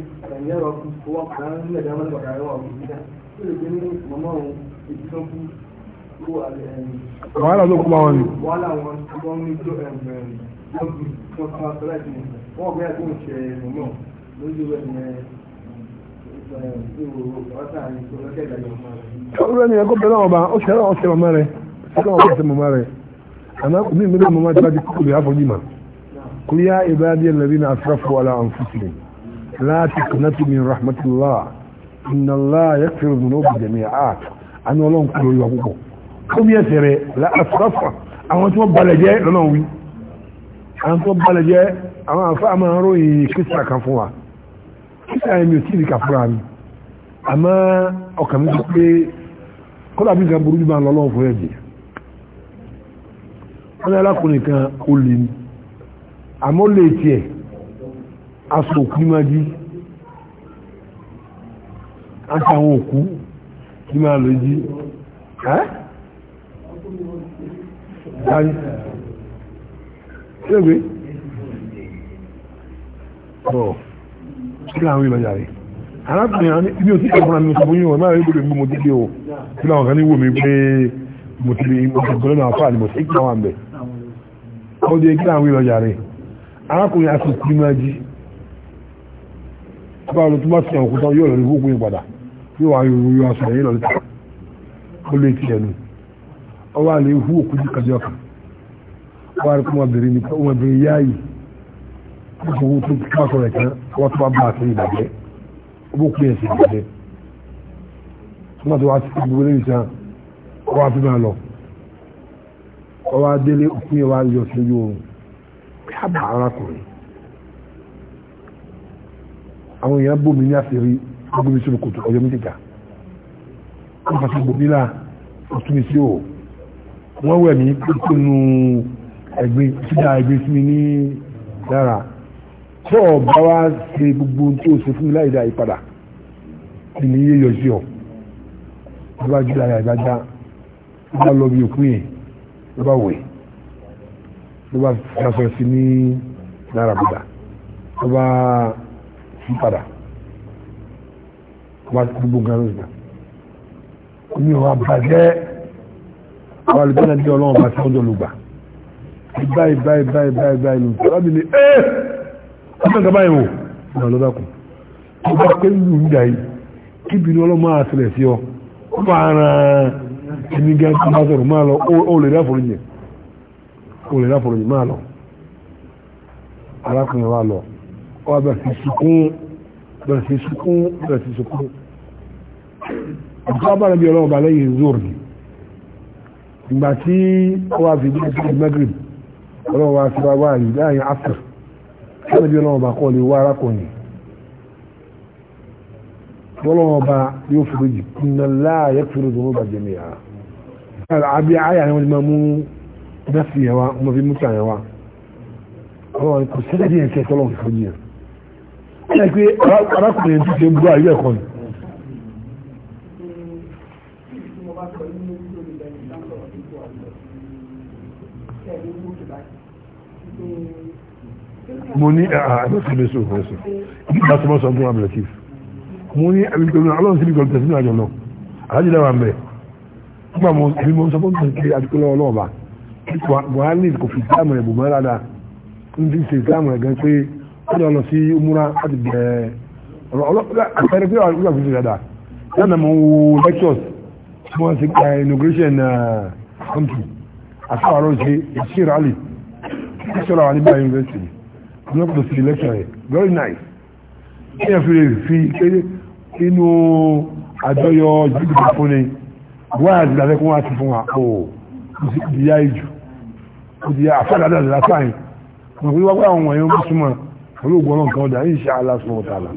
[SPEAKER 2] àtàyè ẹ̀rọ kú owó kan nílẹ̀ dáná gbàgbà ẹ̀rọ ọ̀gbìn níta tó lè gbé ní màmá òun èyí tó kú kó àlẹ́ ẹ̀yìn. wàhálà ló kú bá wọn ni. wàhálà wọn tí wọ́n ní tó lọ́gbìn tó kọ́ àtọ́láìtì wọ́n gbé àti òun ṣe màmá lójú rẹ̀ yẹn
[SPEAKER 1] ọ̀rẹ́ ni ẹ̀kọ́ bẹ̀rẹ̀ ọba ó ṣẹlẹ̀ ọ̀ṣẹ̀ rẹ̀ ṣẹlẹ̀ ọ̀ṣẹ̀ màmá rẹ̀ àná mi mi lè màmá tí wàá di kúkú lè àfọ̀jì mà kúlíà ìbáradì ẹ̀ náà àfẹ́fọ́ ọ̀la àǹfùsùlùmí. لا تقنطوا من رحمة الله إن الله يغفر الذنوب جميعا أن ولهم كل يوم كم يسري لا أسرفه أنا توبى لجاء لنوي أنا توبى لجاء أنا فأما روي كسرة كفوة كسرة يميوتيني كفراني àmọ́ ọkàn mi sọ pé kọ́lá bí nǹkan burú jùlọ lọ́wọ́ fún ẹ̀jẹ̀ wọ́n ní alákùnrin kan aṣọ òkú ní máa jí aṣọ àwọn òkú ní máa lọ jí ṣẹ́gbẹ́ ọ̀ kí láwọn ìlọ́jà rẹ̀ arákùnrin àwọn ibi òsì ìjọba ní ọ̀sán yíò máa rí gbogbo ìgbò mo dídé o kí láwọn kan ní wò mí pé mo ti lè mo ti gbọ́lọ́nà àfáà ni mo ti kí àwọn àmì ó dé kí láwọn ìlọ́jà rẹ̀ arákùnrin àti ìkú ní máa jí bá lọ tó bá ti ẹ̀wọ̀n kúta yóò lọ ní gbogbo ìpadà yóò wá yóò yóò aṣọ yìí lọ níta ó lé ti ẹnu ọ wá lè hu òkú ní kájọ kan ó wá rí kó máa bèrè nípa ó máa bèrè yáàyè ó sọ wọn tó ká sọ̀rọ̀ ẹ̀kan wọn tó bá bá àti ìbàjẹ́ ó bó pín ẹ̀sìn ìbàjẹ́ nígbà tó wá ti gbogbo lẹ́yìn sàn ó wá máa lọ ó wá òkú yẹn wá yọ sí yóò rùn bá arákùnrin àwọn èèyàn bò mí ní àṣírí gbogbo mi sínú kòtò ọjọ́ méjìká wọ́n fàṣẹ gbòmí là ọtún mi sí o wọ́n wẹ̀ mí kókó nu ẹ̀gbin sídà ẹ̀gbin sí mi ní dára tó o bá wá ṣe gbogbo tí o ṣe fún mi láì dá ìpadà kí ni iye yọ sí ọ ìbájú lára ìbájá ìbá lọ bí òkú yẹn ló bá wẹ̀ ló bá fi aṣọ sí ní náírà bùdà ló bá ń padà wá gbogbo nǹkan ló gbà omi ìwà bàjẹ́ àwọn alùpàdé ní ọlọ́run bá sáwọn jọlù gbà báyìí báyìí báyìí báyìí báyìí ló ń sọ lábìlì ẹ́ ọ̀sán kan báyìí wò ìgbà ló dákun ó bá pé ń lù ń jà yìí kí ibi ni ọlọ́mọ àtìlẹ̀ sí ọ ó bá ara ẹni gan tó bá sọ̀rọ̀ máa lọ ó lè dáforíjì ó lè dáforíjì máa lọ arákùnrin wa lọ ọ bẹ̀rẹ̀ sí sunkún bẹ̀rẹ̀ sí sunkún bẹ̀rẹ̀ sí sunkún ọ̀tọ́ bára bí ọlọ́wọ́ bá lẹ́yìn zoro ni ìgbà tí ó wá fi jẹ́ sí magrib ọlọ́wọ́ wá sí wá rí láàrin after bára bí ọlọ́wọ́ bá kọ́ lè wá arákùnrin ọlọ́wọ́ bá yóò fi rèjì kúnná láàyè fúru tó ń jẹ nìyà àbí àyà ni wọ́n ti yẹn wá wọ́n fi mú tàn yẹn wá ọlọ́wọ́ kò sẹ́dẹ̀ẹ́dì yẹn kẹ́ tọ́lọ́ kò fọ́ yẹn ẹ̀ pé arákùnrin tó ṣe gbọ́ ayé ẹ̀kọ́ ni.
[SPEAKER 2] mo ní ààrẹ sí ilé sóòfò ẹsẹ̀
[SPEAKER 1] ìgbà tó mọ́ sọ fún abdulatif mo ní àbíkọ̀lù ọlọ́run sí ìgbàlù tẹ̀sí àjọ náà aláàjì dáwà ń bẹ̀ nígbà mo èmi mo sọ fún mi àbíkọ̀lù ọlọ́ọ̀bà buhari kò fi dáàmù ẹ̀bùn mọ́ ń fi ṣe dáàmù ẹ̀gán pé ó lọ sí múra láti bẹ̀rẹ̀ àpẹẹrẹ pé àwọn ìgbàgbọ́sí dáadáa lánàá mo wo lectures tí wọ́n ti ka inauguration uh, country àti àwọn ọ̀rọ̀ ṣe ìṣirò àlè ìṣirò àwọn àdìbà university ní wọ́n kò sí lecture yẹn very nice kí ẹ fi lè fi kéde inú àjọyọ̀ jìbìtì fún ni wọ́n àti ìdàfẹ́ kí wọ́n á ti fún wa ó ìdíyà ìjù ìdíyà àfẹ́ àdáadáa lásán yìí wọ́n fi wá pé àwọn wọ̀nyí ó bá súnmọ́ olóògùn ọlọ́run kan ọjà insha Allah subhanahu wa ta'ala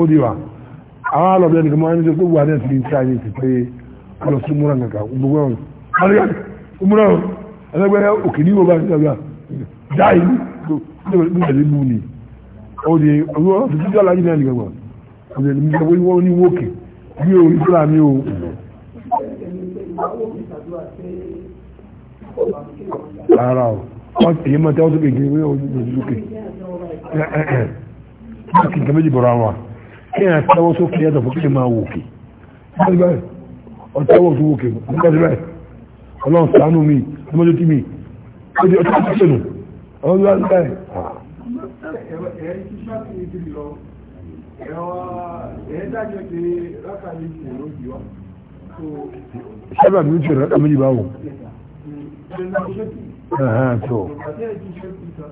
[SPEAKER 1] ó di wa àwọn alọ́bẹ̀ ẹnìkan máa ń jẹ́ gbogbo adé ti ṣe àyè ti pé ọlọ́ sí múra nǹkan gbogbo ọ̀run àríyá múra ọ̀run ẹlẹ́gbẹ́ òkè ní yorùbá ní ọjà dáì ní ìgbàlẹ́ mú ni ó di ọjọ́ ọ̀rọ̀ tuntun jọ́ alájí náà nìkan gbọ́ o ní fúlà mi o. rárá èyí máa tẹ́wọ́ sókè kí ni wọ́n ti sókè kí nǹkan méjì bọ̀rọ̀ àwọn kí n àtẹ́wọ́ tó kí ẹ̀dọ̀ fún kí n máa wò kí ọ̀tẹ́wọ́ tó wò kí nígbà tí báyìí ọlọ́run sàánú mi ọmọdé tí mi ó di ọtí tó sẹ́nu ọmọdé wá nígbà
[SPEAKER 2] yìí.
[SPEAKER 1] sábà mi ń tẹ̀lé rákà méjì báwo.
[SPEAKER 2] ẹ̀hán tó. ẹ̀hán tó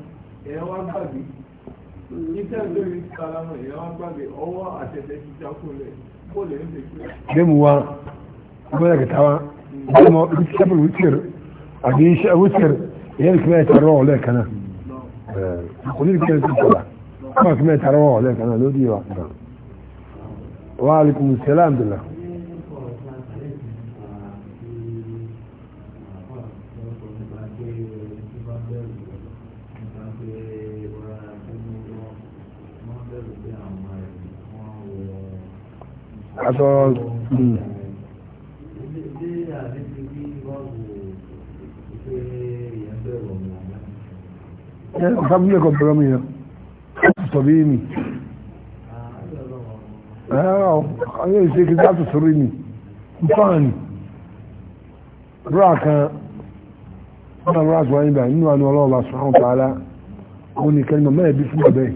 [SPEAKER 1] demuwa kuma daga tawa kuma wikisabul wikir a bin shi a wikir yana kuma ya tarawa wa laika nan eh, kudin kuma ya tarawa kuma kuma ya tarawa wa laika nan lodi wa wa alaikum salam billah aṣọ hmm. sábúlẹ̀ kan bẹ̀rẹ̀ mìíràn tọ̀bí mi ẹ̀rọ ayé ìṣẹ́kí láti sórí mi fáàni rúra kan wọ́n rúra tó wáyé báyìí nínú àánú ọlọ́ọ̀bá sọ́hún tààlá ó ní kẹ́lìmọ̀ mẹ́ẹ̀bí fún bàbẹ́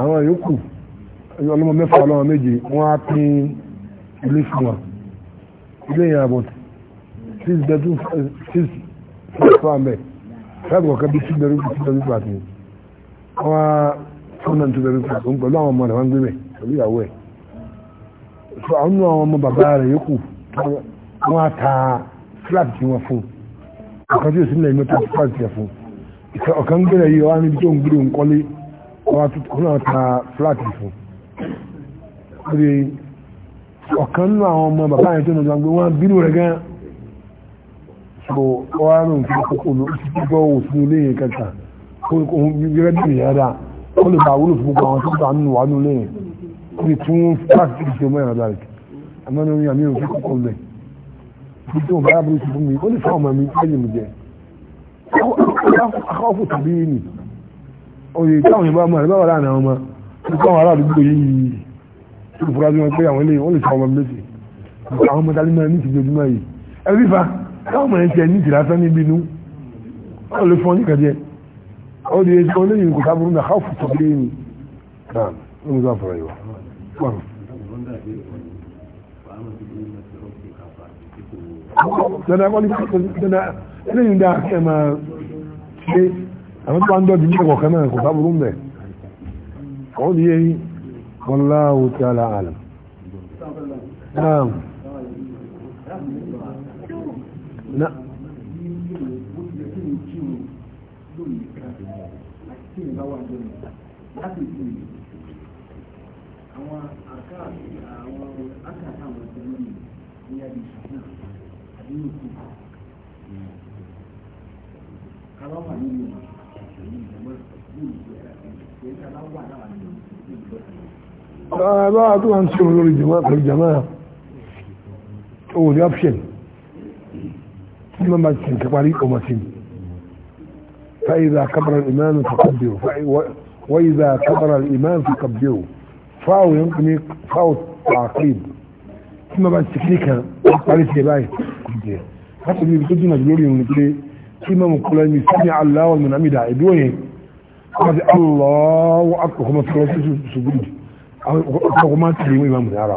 [SPEAKER 1] àwọn yòókù ọlọ́mọ mẹ́fà ọlọ́mọ méje wọ́n á pín ilé fún wa ilé yẹn àbọ̀ six bedroom six fún amẹ́ five kọ̀ọ̀kan bí six bedroom six bedroom flat ni wọ́n á fún náà two bedroom flat òun pẹ̀lú àwọn ọmọ rẹ̀ wọ́n ń gbé bẹ̀ pẹ̀lú ìyàwó ẹ̀ so àwọn nínú àwọn ọmọ bàbá rẹ̀ yòókù wọ́n á ta flat tí wọ́n fún ọ̀kan tí yóò sí nílẹ̀ mẹ́ta flat tí wọ́n fún ọ̀kan gbẹ̀rẹ̀ yìí wọ́n á níbi tó ń gbé òun kọ́lé wọ́n á ta flat fún rí ọ̀kan nínú àwọn ọmọ bàbá yẹn tó nàgbà wọn bínú rẹ̀ gan so wọ́n á rò nǹkan kókó ló ti tó gbọ́ òwò sínú ilé yẹn kẹta ohun gẹ́gẹ́ bí ìyá dáa ó lè bá wúlò fún gbogbo àwọn tó gbà nínú wà nínú ilé yẹn ó lè tún fásitì ti ṣe ọmọ ìrànlá rẹ̀ àmọ́ ní orin àmì òfin kókó lẹ̀ bí tó ń bá yàgò sí fún mi ó lè fún ọmọ mi ẹ̀yìn mi jẹ akọ́kọ́ tàbí yìí ni òye táwọn yorùbá mọ̀ ẹ̀ bá wà láàrin àwọn ọmọ nípa àwọn aráàlú gbòòyìn yìí tó fura bí wọn pé àwọn eléyìí wọn lè sọ ọmọ méjì àwọn ọmọ dalí náà ní ti gbẹdúmọ yìí ẹbí fa káwọn ọmọ yẹn tiẹ̀ ní tìlá sani bí inú wọn lè fún ọ ní kàdíẹ ọ di ẹsẹ ọ lẹ́yìn kò sábúrú náà káwọn fòtò bí ẹ̀yìn náà ló ń sọ àfọlọ yìí wá. dada wọn ni eléyìí dáa kí ẹ máa ṣe àwọn tó bá ń dọ́jú ní ẹ̀kọ́ kan náà kò sábúrú mẹ́ ọ di ẹ̀yìn. والله تعالى أعلم نعم نعم
[SPEAKER 2] Thank you.
[SPEAKER 1] لا tó wọ́n ń sọ̀rọ̀ lórí jama pẹ̀lú jama owó ní option tí wọ́n bá ti ń kápárí ọmọ sí فإذا كبر الإيمان فكبره وإذا كبر الإمام فكبره فاو يمكن فاو تعقيب ثم بعد تكنيكا قالت لي باي حتى اللي بتجي مجلولي من كده كما مقولة سمع الله والمنعمدة عدوه قال الله أكبر خمس خلاص سجود ọkọ̀ máa tẹ̀lé ìwé ìmáàmù rárá o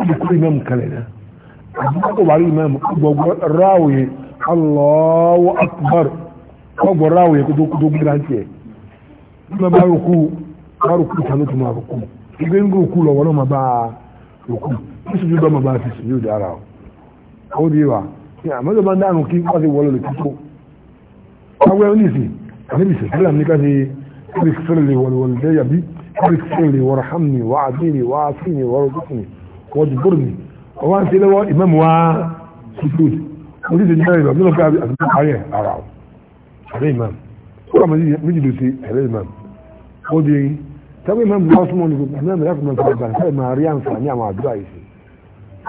[SPEAKER 1] ọdún kúrò ìmáàmù kalẹ̀ náà àdúgbò wà rí ìmáàmù gbogbo ráwòye Allahu akbar gbogbo ráwòye kótó gbéra ń tiẹ̀ nígbà bá rúkú bá rúkú ìtàn ló tún máa rúkú ìgbé ń rúkú lọ́wọ́ náà máa bá rúkú ní sùjú bá máa bá ti sùjú dára o ó di wa ní àmọ́tò máa ń dáhùn kí wọ́n ti wọlé lè kíkó wọ́n wẹ́ اغفر لي وارحمني واعذني واعافني وارزقني واجبرني وما انت لو امام وسجود وليد النبي عبد الله كعب اسمع عليه ارعب عليه امام كل ما يجلس عليه امام ودي تبي امام عثمان يقول امام لا من فرقان ما ريان فاني ما ادرايس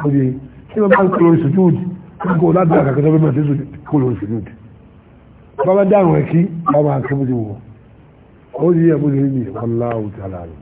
[SPEAKER 1] ودي كما بان كل سجود يقول لا دعك كذا ما تسجد كل سجود بابا دعوة كي بابا كبدي ó yí ẹ̀mú lè ní ìwọ́n láwùjọ láàrin.